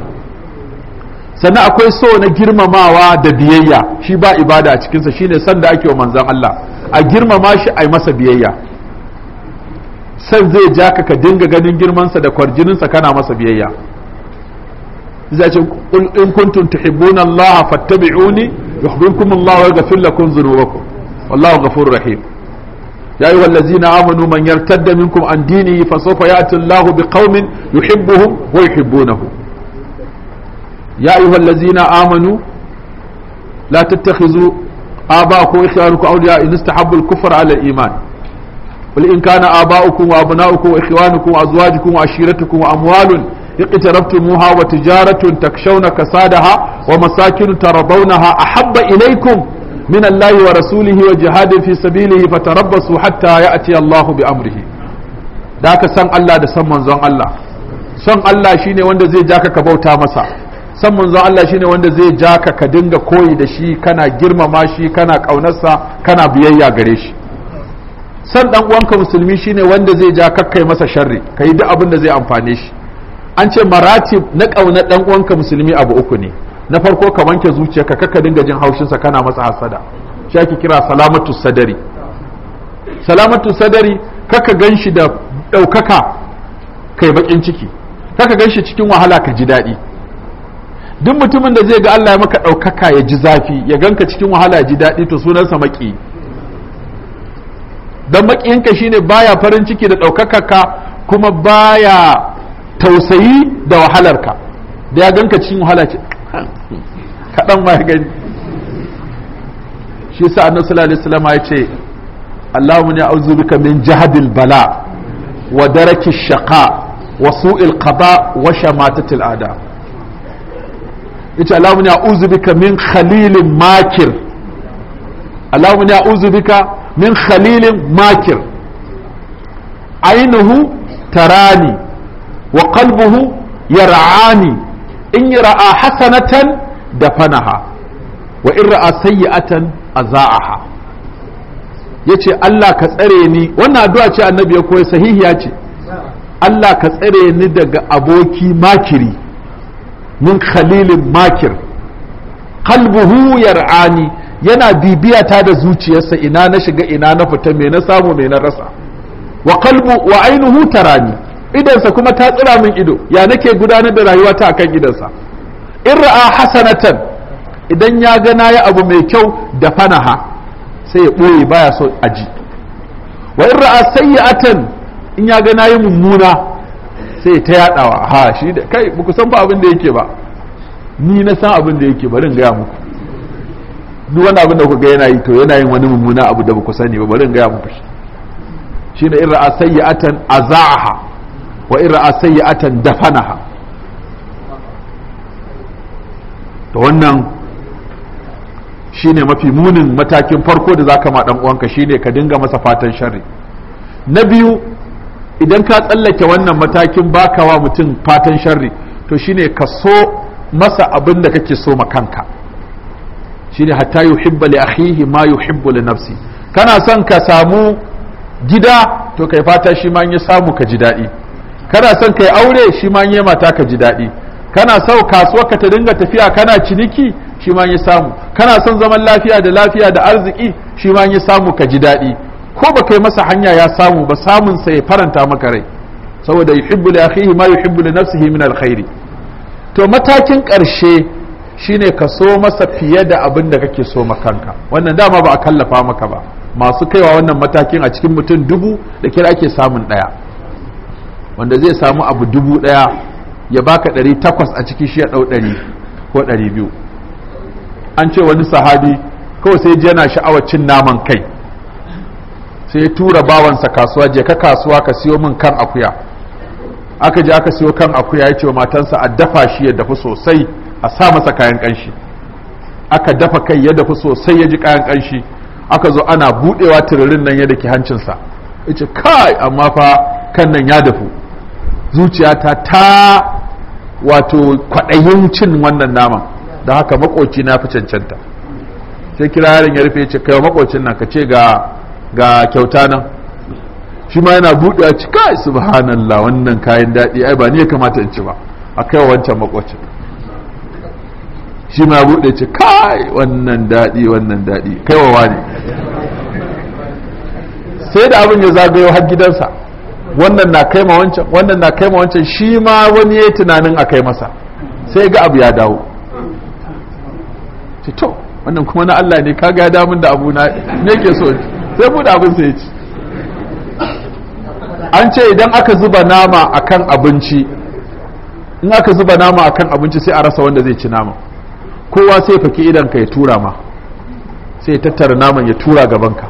sannan akwai so na girmamawa da biyayya shi ba ibada a cikinsa shine sanda ake wa manzon Allah a girmama shi a masa biyayya san zai jaka ka dinga ganin girmansa da kwarjininsa kana masa biyayya zai ce in kuntum tuhibbuna Allah fattabi'uni yuhibbukum Allah wa yaghfir lakum dhunubakum wallahu ghafurur rahim ya ayyuhal ladzina amanu man yartadda minkum an dinihi fasawfa ya'ti Allah biqaumin yuhibbuhum wa yuhibbunahu ya ayyuhal ladzina amanu la tattakhidhu aba'akum ikhwanakum awliya'a in istahabbu al-kufra 'ala al-iman قل إن كان آباؤكم وأبناؤكم وإخوانكم وأزواجكم وعشيرتكم وأموال اقترفتموها وتجارة تكشون كسادها ومساكن ترضونها أحب إليكم من الله ورسوله وجهاد في سبيله فتربصوا حتى يأتي الله بأمره ذاك سن الله ده سن منزون الله سن الله شيني wanda zai jaka ka bauta masa san manzon Allah shine wanda zai jaka ka dinga koyi da shi kana girmama shi kana kaunarsa kana biyayya gare shi san dan uwanka musulmi shine wanda zai ja kai masa sharri yi duk abin da zai amfane shi an ce maratib na ƙauna ɗan uwanka musulmi abu uku ne na farko ka wanke ka kaka dinga jin haushinsa kana masa hasada shi ake kira salamatu sadari salamatu sadari kaka ganshi da ɗaukaka kai bakin ciki kaka ganshi cikin wahala ka ji daɗi duk mutumin da zai ga Allah ya maka ɗaukaka ya ji zafi ya ganka cikin wahala ya ji daɗi to sunansa maƙi dan maƙiyanka shine baya farin ciki da ɗaukaka ka kuma baya tausayi da wahalarka da ya ganka cikin wahala ce kaɗan ma ya gani shi sa annabi sallallahu alaihi wasallam ya ce Allahumma ni a'udhu min jahdil bala wa daraki shaqa wa su'il qada wa shamatatil ada yace Allahumma ni a'udhu bika min khalilin makir Allahumma ni a'udhu bika min khalilin makir ainihu tarani wa qalbuhu yar'ani in ra'a hasanatan Fanaha wa in ra'a sayyi'atan Ya ce Allah ka tsare ni wannan addu'a ce annabi ya koya, sahihiya ce Allah ka tsare ni daga aboki makiri min khalilin makir qalbuhu ni yana bibiyata da zuciyarsa ina na shiga ina na fita me na samu me na rasa wa qalbu wa ainuhu tarani idansa kuma ta tsira min ido ya nake gudanar da rayuwata akan idansa in ra'a hasanatan idan ya ga yi abu mai kyau da fanaha sai ya boye baya so aji wa in ra'a sayyatan in ya ga yi mummuna sai ta yadawa ha shi da kai ba san ba abin da yake ba ni na san abin da yake bari in gaya muku duk wani abin da ku ga yana yi to yana yin wani mummuna abu da ba ku sani ba bari in gaya muku shi shine in ra'a sayyatan azaha wa in ra'a sayyi'atan dafanaha to wannan shine mafi munin matakin farko da zaka ma dan uwanka shine ka dinga masa fatan sharri na biyu idan ka tsallake wannan matakin baka wa mutum fatan sharri to shine ka so masa abin da kake so ma kanka shine hatta yuhibba li akhihi ma yuhibbu li nafsi kana son ka samu gida to kai fata shi ma in ya samu ka ji daɗi kana son kai aure shi ma yi mata ka ji daɗi kana sau kasuwa ka ta dinga tafiya kana ciniki shi ma yi samu kana son zaman lafiya da lafiya da arziki shi ma yi samu ka ji daɗi ko ba kai masa hanya ya samu ba samun sa ya faranta maka rai saboda yuhibbu li akhihi ma yuhibbu li nafsihi min alkhairi to matakin ƙarshe shine ka so masa fiye da abin da kake so makanka wannan dama ba a kallafa maka ba masu kaiwa wannan matakin a cikin mutum dubu da kira ake samun ɗaya wanda zai samu abu dubu ɗaya ya baka ɗari takwas a ciki shi ya ɗau ɗari ko ɗari biyu an ce wani sahabi kawai sai yana sha'awar cin naman kai sai ya tura bawansa kasuwa je kasuwa ka siyo min kan akuya aka je aka siyo kan akuya ya ce wa matansa a dafa shi ya dafu sosai a sa masa kayan kanshi aka dafa kai ya dafu sosai ya ji kayan kanshi aka zo ana budewa tururin nan ya dake hancinsa ya ce kai amma fa kan nan ya dafu zuciyata ta wato kwaɗayin cin wannan naman da haka makoci na fi cancanta sai kira yaron ya rufe ce kai makocin nan ka ce ga ga kyauta nan shi ma yana buɗewa ci kai subhanallah wannan kayan daɗi ai ba ni ya kamata in ci ba a kai wancan makocin shi ma buɗe ce kai wannan daɗi wannan daɗi kai wa sai da abin ya zagayo har gidansa wannan na kai ma wancan wannan na kai ma wancan shi ma wani ya tunanin a kai masa sai ga abu ya dawo to wannan kuma na Allah ne kaga ya damun da abu na me ke so sai bude abin sai ya ci an ce idan aka zuba nama akan abinci in aka zuba nama akan abinci sai a rasa wanda zai ci nama kowa sai faki idan ka ya tura ma sai ya tattara naman ya tura gaban ka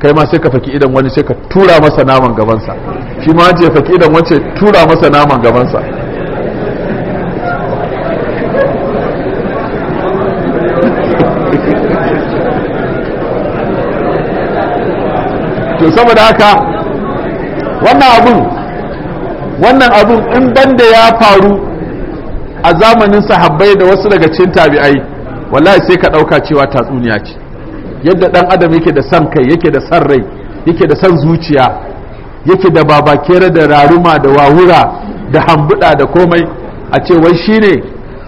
kai ma sai ka faki idan wani sai ka tura masa naman gabansa shi ma ya faki idan wace tura masa naman gabansa to saboda haka wannan abun wannan abun in banda ya faru a zamanin sahabbai da wasu daga cikin tabi'ai wallahi sai ka ɗauka cewa tatsuniya ce yadda dan adam yake da san kai yake da san rai yake da san zuciya yake da babakere da raruma da wahura da hambuda da komai a ce wai shine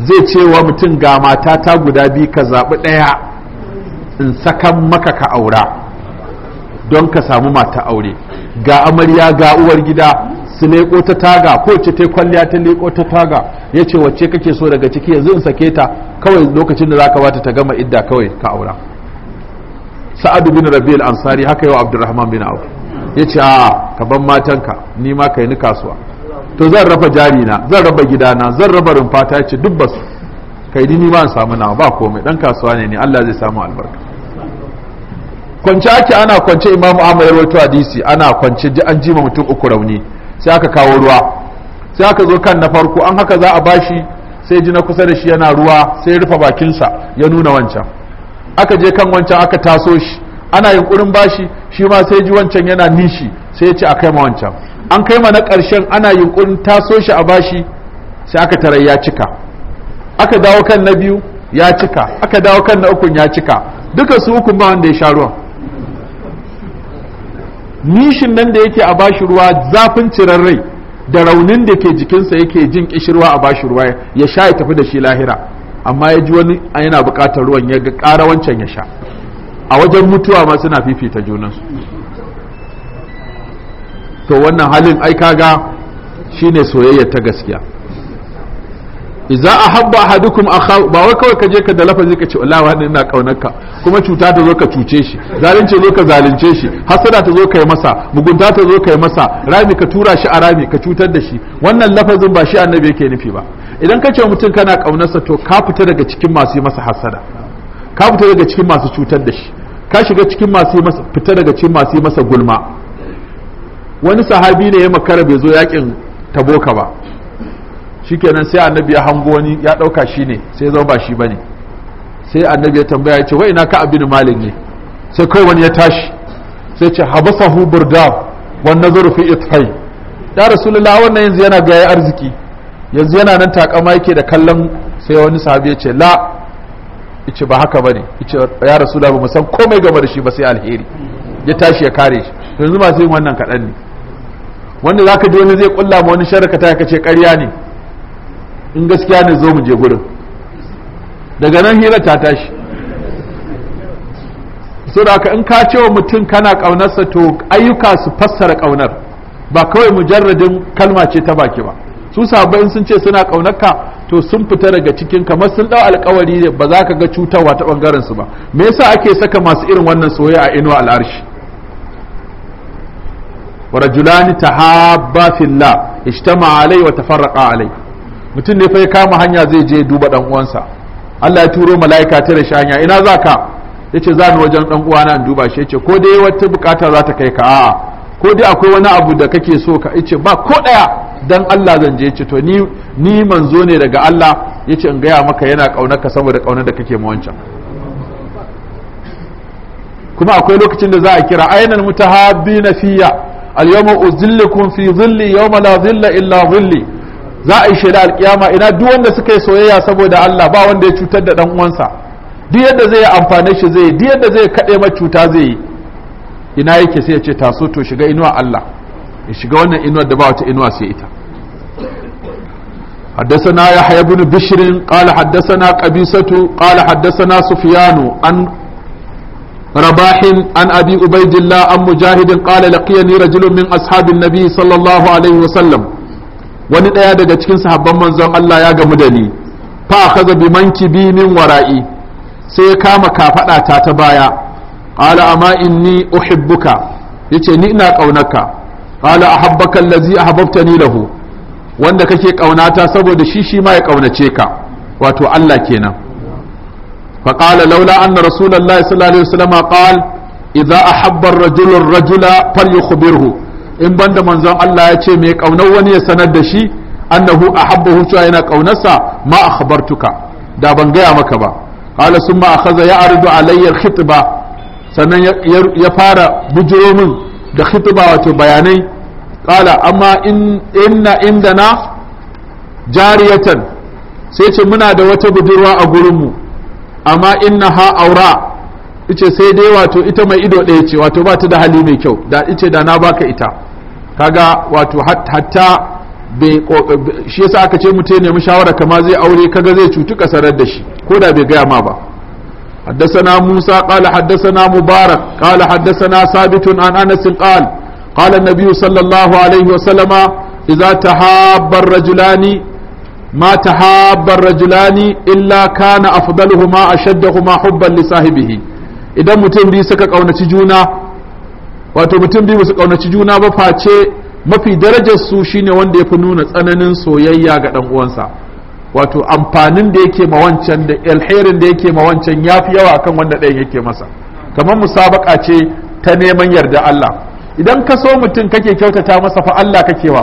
zai ce wa mutum ga mata ta guda biyu ka zaɓi ɗaya in sakan maka ka aura don ka samu mata aure ga amarya ga uwar gida su leƙo ta taga ko ce ta kwalliya ta leƙo ta taga ya ce wacce kake so daga ciki yanzu in sake ta kawai lokacin da za ka bata ta gama idda kawai ka aura Sa'adu bin rabi al-ansari haka yau abdurrahman bin auf ya ce a ka ban matanka ni ma kai ni kasuwa to zan raba jari na zan raba gida na zan raba rumfa ta ce duk basu kai ni ma samu nawa ba komai dan kasuwa ne ni Allah zai samu albarka kwance ake ana kwance imamu ahmad ya rawaito hadisi ana kwance an jima mutum uku rauni sai aka kawo ruwa sai aka zo kan na farko an haka za a bashi sai ji na kusa da shi yana ruwa sai rufe bakinsa ya nuna wancan aka je kan wancan aka taso shi ana yunkurin bashi shi ma sai ji wancan yana nishi sai ya ce a kai wancan an kai ma na ƙarshen ana yunkurin taso shi a bashi sai aka tare ya cika aka dawo kan na biyu ya cika aka dawo kan na ukun ya cika duka su ukun ba wanda ya sha ruwan nishin nan da yake a bashi ruwa zafin cirarrai da raunin da ke jikinsa yake jin kishirwa a bashi ruwa ya sha ya tafi da shi lahira amma ya ji wani yana bukatar ruwan ya ga ƙara wancan ya sha a wajen mutuwa ma suna fifita junansu to wannan halin ai kaga shine soyayya ta gaskiya idza ahabba ahadukum akhahu ba wai kawai ka je ka da lafazi ka ce wallahi wani ina kaunarka kuma cuta ta zo ka cuce shi zalunce zo ka zalunce shi hasada ta zo kai masa mugunta ta zo kai masa rami ka tura shi a rami ka cutar da shi wannan lafazin ba shi annabi yake nufi ba idan ka ce mutum kana ƙaunarsa to ka fita daga cikin masu yi masa hasada ka fita daga cikin masu cutar da shi ka shiga cikin masu yi masa fita daga cikin masu yi masa gulma wani sahabi ne ya makara bai zo yakin taboka ba shikenan sai annabi ya hango wani ya ɗauka shi ne sai zama ba shi bane sai annabi ya tambaya ya ce wa ina ka abin malin ne sai kai wani ya tashi sai ce habasahu burda wannan nazaru fi itfai ya rasulullah wannan yanzu yana ga arziki yanzu yana nan takama yake da kallon sai wani sahabi ya ce la ice ba haka bane ice ya rasula ba musan san komai game da shi ba sai alheri ya tashi ya kare shi yanzu masu yin wannan kaɗan ne wanda za ka ji wani zai kulla ma wani sharaka ta kace ce ƙarya ne in gaskiya ne zo mu je gurin daga nan hira ta tashi sai da in ka ce wa mutum kana kaunarsa to ayyuka su fassara kaunar ba kawai mujarradin kalma ce ta baki ba su sahabbai sun ce suna kaunaka to sun fita daga cikin kamar sun dau alkawari ne ba za ka ga cutarwa ta bangaren su ba me yasa ake saka masu irin wannan soyayya a inuwa al'arshi ورجلان تحابا في الله alai wa tafarraqa alai mutum ne fa ya kama hanya zai je duba dan uwansa Allah ya turo mala'ika ta da shanya ina zaka yace za ni wajen dan uwana in duba shi yace ko dai wata bukata za ta kai ka a'a ko dai akwai wani abu da kake so ka yace ba ko daya dan Allah zan je ce to ni ni manzo ne daga Allah yace in gaya maka yana kaunarka saboda kaunar da kake wancan kuma akwai lokacin da za a kira ainal mutahabbina fiya al-yawma uzillukum fi dhilli yawma la dhilla illa dhilli za a yi shaida alkiyama ina duk wanda suka yi soyayya saboda Allah ba wanda ya cutar da dan uwansa duk yadda zai amfane shi zai duk yadda zai kade ma cuta zai yi ina yake sai ya ce taso to shiga inuwa Allah In shiga wannan inuwar da ba wata inuwa sai ita حدثنا يحيى بن بشر قال حدثنا قبيسة قال حدثنا سفيان عن رباح عن أبي عبيد الله عن مجاهد قال لقيني رجل من أصحاب النبي صلى الله عليه وسلم wani ɗaya daga cikin sahabban manzon Allah ya gamu da ni fa akhadha bi mankibi min wara'i sai ya kama kafada ta ta baya qala amma inni uhibbuka yace ni ina kaunarka qala ahabbaka allazi ahbabtani lahu wanda kake kaunata saboda shi shi ma ya kaunace ka wato Allah kenan fa qala laula anna rasulullahi sallallahu alaihi wasallam qala idza ahabba ar-rajulu ar-rajula falyukhbirhu in banda manzon Allah ya ce mai kaunar wani ya sanar da shi annahu ahabbahu cewa yana kaunarsa ma akhbartuka da ban gaya maka ba qala summa akhadha ya'ridu alayya al-khitba sannan ya fara bujuro min da khutuba wato bayanai qala amma in inna indana jariyatan sai ce muna da wata budurwa a gurinmu amma inna ha aura ice sai dai wato ita mai ido ɗaya ce wato ba ta da hali mai kyau da ice da na baka ita kaga wato hatta shi yasa aka ce mutum nemi shawara kama zai aure kaga zai cutu kasarar da shi ko da bai gaya ma ba حدثنا موسى قال حدثنا مبارك قال حدثنا ثابت عن أنس قال قال النبي صلى الله عليه وسلم إذا تحاب الرجلان ما تحاب الرجلان إلا كان أفضلهما أشدهما حبا لصاحبه idan mutum biyu suka ƙaunaci juna wato mutum biyu su ƙaunaci juna ba face mafi darajar su shine wanda ya fi nuna tsananin soyayya ga ɗan uwansa wato amfanin da yake ma wancan da alherin da yake ma wancan fi yawa kan wanda ɗayan yake masa kamar musabaka ce ta neman yarda Allah idan ka so mutum kake kyautata masa fa Allah kake wa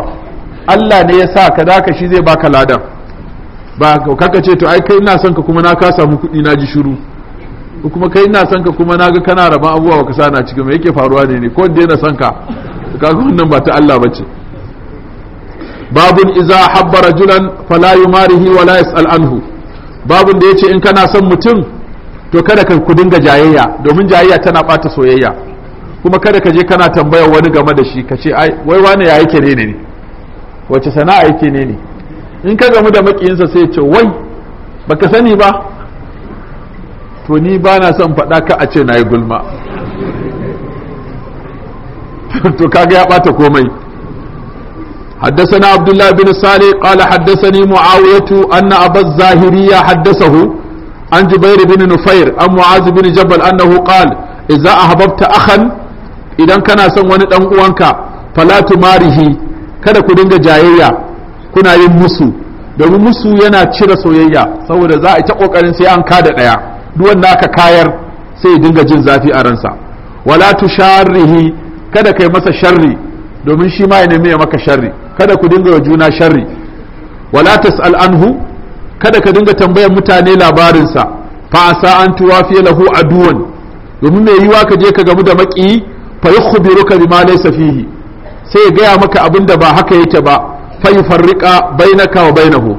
Allah ne ya sa ka daka shi zai baka ladan ba kaka ce to ai kai ina son ka kuma na ka samu kuɗi na ji shiru kuma kai ina son ka kuma na ga kana rabon abubuwa ka sa na cikin me yake faruwa ne ne ko dai na son ka kaga wannan ba ta Allah bace باب iza habba رجلا فلا يماره ولا la عنه باب ce yace in kana son mutum to kada ka ku dinga jayayya domin jayayya tana bata soyayya kuma kada ka je kana tambaya wani game da shi ka ai wai wani ya yake ne ne wace sana'a yake ne ne in ka gamu da makiyinsa sai ce wai baka sani ba to ni ba na son faɗa ka a ce na yi gulma [laughs] to kaga ya bata komai حدثنا عبد الله بن صالح قال حدثني معاوية أن أبا الزاهرية حدثه عن جبير بن نفير عن معاذ بن جبل أنه قال إذا أحببت أخا إذا كان سنوان أنقوانك فلا تماره kada ku dinga jayayya kuna yin musu domin musu yana cire soyayya saboda za a ta ƙoƙarin sai an da ɗaya duk wanda aka kayar sai dinga jin zafi a ransa wala tusharrihi kada kai masa sharri domin shi ma ya nemi maka sharri kada ku dinga wa juna sharri wala tas'al anhu kada ka dinga tambayar mutane labarinsa fa asa an tuwafi lahu aduwan domin mai yiwa ka je ka gamu da maki fa yukhbiruka bima laysa fihi sai ya gaya maka abin da ba haka yake ba fa yufarriqa bainaka wa bainahu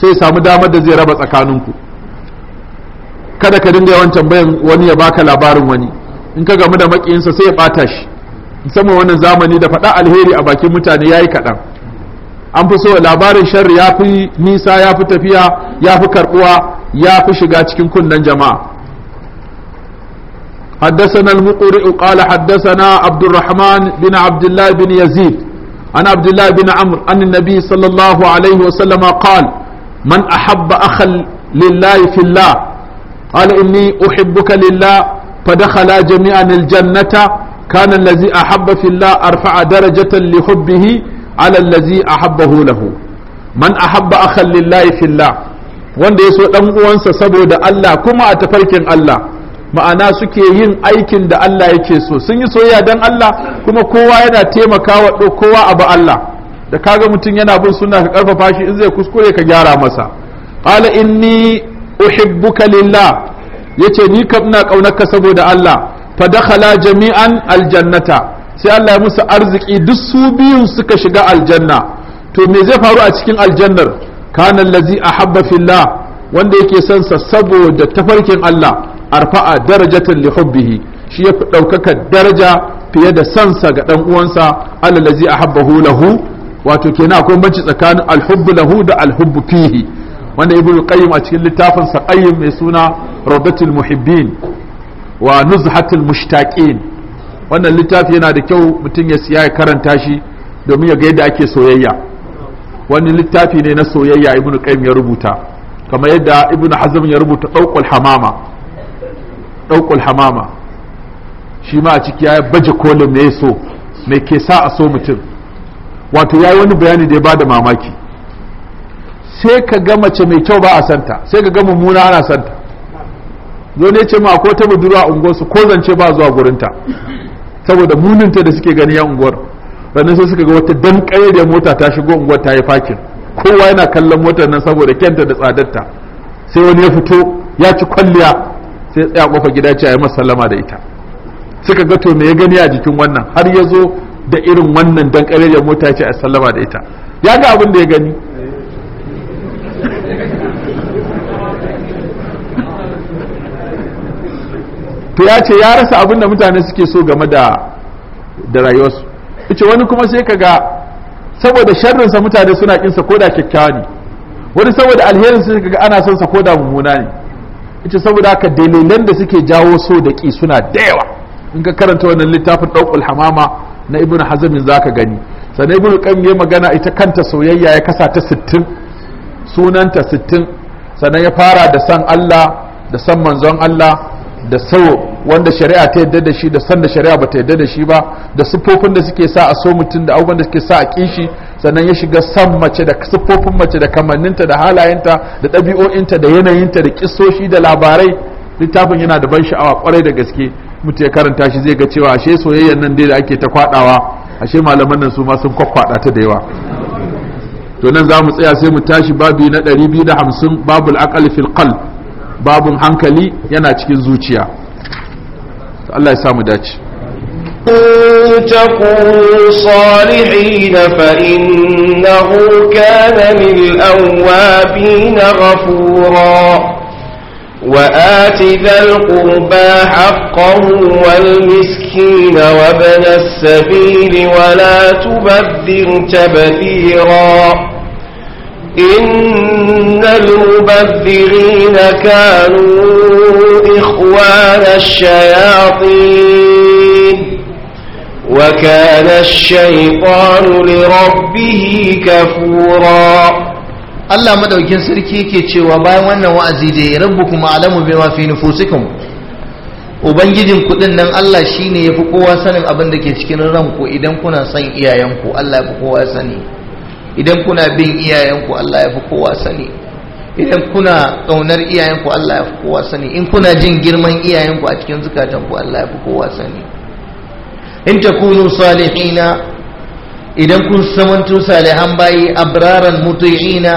sai ya samu damar da zai raba tsakaninku kada ka dinga yawan tambayan wani ya baka labarin wani in ka gamu da makiyinsa sai ya bata shi musamman wannan zamani da faɗa alheri a bakin mutane yayi kaɗan an fi so labarin sharri ya fi nisa ya fi tafiya ya fi karbuwa ya fi shiga cikin kunnen jama'a حدثنا المقرئ قال حدثنا عبد الرحمن بن عبد الله بن يزيد عن عبد الله بن عمرو أن النبي صلى الله عليه وسلم قال من أحب أخا لله في الله قال إني أحبك لله فدخلا جميعا الجنة كان الذي أحب في الله أرفع درجة لحبه ala allazi ahabbahu lahu man ahabba akhan lillahi fillah wanda ya so ɗan uwansa saboda Allah kuma a tafarkin Allah ma'ana suke yin aikin da Allah yake so sun yi soyayya dan Allah kuma kowa yana taimakawa kowa ba Allah da kaga mutum yana bin suna ka karfafa shi in zai kuskure ka gyara masa qala inni uhibbuka lillah yace ni kam ina kaunarka saboda Allah fa dakhala jami'an aljannata sai Allah ya musu arziki duk su biyun suka shiga aljanna to me zai faru a cikin aljannar kana allazi ahabba fillah wanda yake son sa saboda tafarkin Allah arfa'a darajatan li hubbihi shi ya fi ɗaukaka daraja fiye da sansa ga ɗan uwansa alalazi a lahu wato kenan akwai banci tsakanin alhubbu lahu da alhubbu fihi wanda ibn qayyim a cikin littafin sa qayyim mai suna rawdatul muhibbin wa nuzhatul mushtaqin wannan littafi yana da kyau mutum ya siya ya karanta shi domin ya ga yadda ake soyayya wani littafi ne na soyayya ibnu qayyim ya rubuta kamar yadda ibnu hazm ya rubuta daukul hamama daukul hamama shi ma a ciki ya baje kolin ne so me ke sa a so mutum wato yayi wani bayani da ya bada mamaki sai ka ga mace mai kyau ba a santa sai ka ga mummuna ana santa zo ne ce ma ko ta budurwa unguwarsu ko zance ba zuwa gurinta saboda muninta da suke gani ya unguwar sannan sai suka ga wata dan da mota ta shigo unguwar ta yi fakin kowa yana kallon motar nan saboda kyanta da tsadarta sai wani ya fito ya ci kwalliya sai tsaya kofa gida ce a yi sallama da ita suka ga to me ya gani a jikin wannan har ya zo da irin wannan dan da mota ce a sallama da ita ya ga abin da ya gani to ya ce ya rasa abin da mutane suke so game da da rayuwarsu ce wani kuma sai kaga saboda sharrinsa mutane suna kinsa koda kyakkyawa ne wani saboda alherin sai kaga ana son sa koda mummuna ne ita saboda haka dalilan da suke jawo so da ki suna da yawa in ka karanta wannan littafin ɗaukul hamama na ibnu hazamin zaka gani sannan ibnu qayyim ya magana ita kanta soyayya ya kasa ta 60 sunanta 60 sannan ya fara da san Allah da san manzon Allah da sau wanda shari'a ta yadda da shi da sanda shari'a ba ta yadda da shi ba da siffofin da suke sa a so mutum da abubuwan da suke sa a kishi sannan ya shiga san mace da siffofin mace da kamanninta da halayenta da ɗabi'o'inta da yanayinta da kisoshi da labarai littafin yana da ban sha'awa kwarai da gaske mutu ya karanta shi zai ga cewa ashe soyayyan nan dai da ake ta kwaɗawa ashe malaman nan su ma sun kwakwaɗa ta da yawa to nan za mu tsaya sai mu tashi babi na 250 babul aqal fil qalb babun hankali yana cikin zuciya Allah ya samu dace تكونوا صالحين فإنه كان للأوابين غفورا وآت ذا القربى حقه والمسكين وابن السبيل ولا تبذر تبذيرا إن المبذرين كانوا إخوان الشياطين وكان الشيطان لربه كفورا Allah madaukin sarki yake cewa bayan wannan wa'azi da ya rabbukum alamu bima fi nufusikum ubangijin kuɗin nan Allah shine yafi kowa sanin abin da ke cikin ranku idan kuna son iyayenku Allah yafi kowa sani idan kuna bin iyayenku Allah ya fi kowa sani idan kuna ƙaunar iyayenku Allah ya fi kowa sani in kuna jin girman iyayenku a cikin zukatanku Allah ya fi kowa sani in ta kunu salihina idan kun samanto salihan bayi abraran muti'ina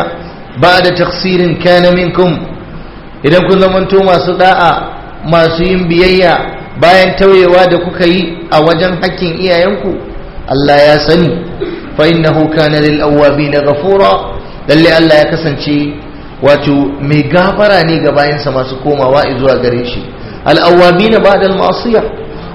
ba da taksirin kana minkum idan kun zamanto masu da'a masu yin biyayya bayan tauyewa da kuka yi a wajen hakkin iyayenku Allah ya sani fa innahu kana lil awwabin ghafura lalle Allah ya kasance wato mai gafara ne ga bayansa masu komawa zuwa gare shi al awwabin ba'da al ma'siyah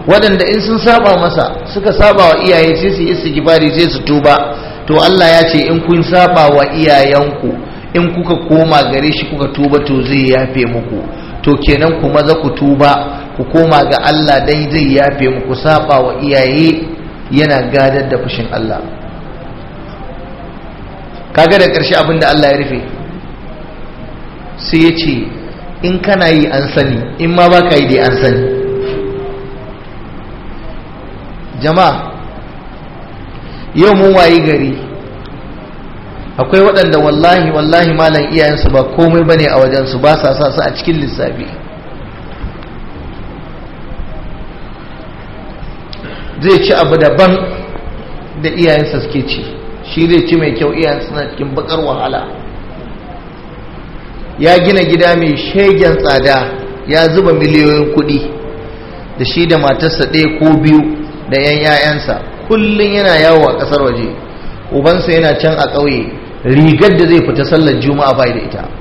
waɗanda in sun saba masa suka saba wa iyaye sai su istighfari sai su tuba to Allah ya ce in kun saba wa iyayenku in kuka koma gare shi kuka tuba to zai yafe muku to kenan ku maza ku tuba ku koma ga Allah dai zai yafe muku saba wa iyaye yana gadar da fushin Allah kaga da ƙarshe abin da Allah ya rufe sai ya ce in kana yi an sani in ma ba ka yi dai an sani jama'a yau mun wayi gari akwai waɗanda wallahi wallahi malam iyayensu ba komai bane a wajensu ba sa sa su a cikin lissafi zai ci abu daban da iyayensa suke ci shi zai ci mai kyau iyayen suna cikin bakar wahala ya gina gida mai shegen tsada ya zuba miliyoyin kuɗi da shi da matarsa ɗaya ko biyu da 'yan 'ya'yansa kullum yana yawo a ƙasar waje ubansa yana can a ƙauye rigar da zai fita sallar juma'a bai da ita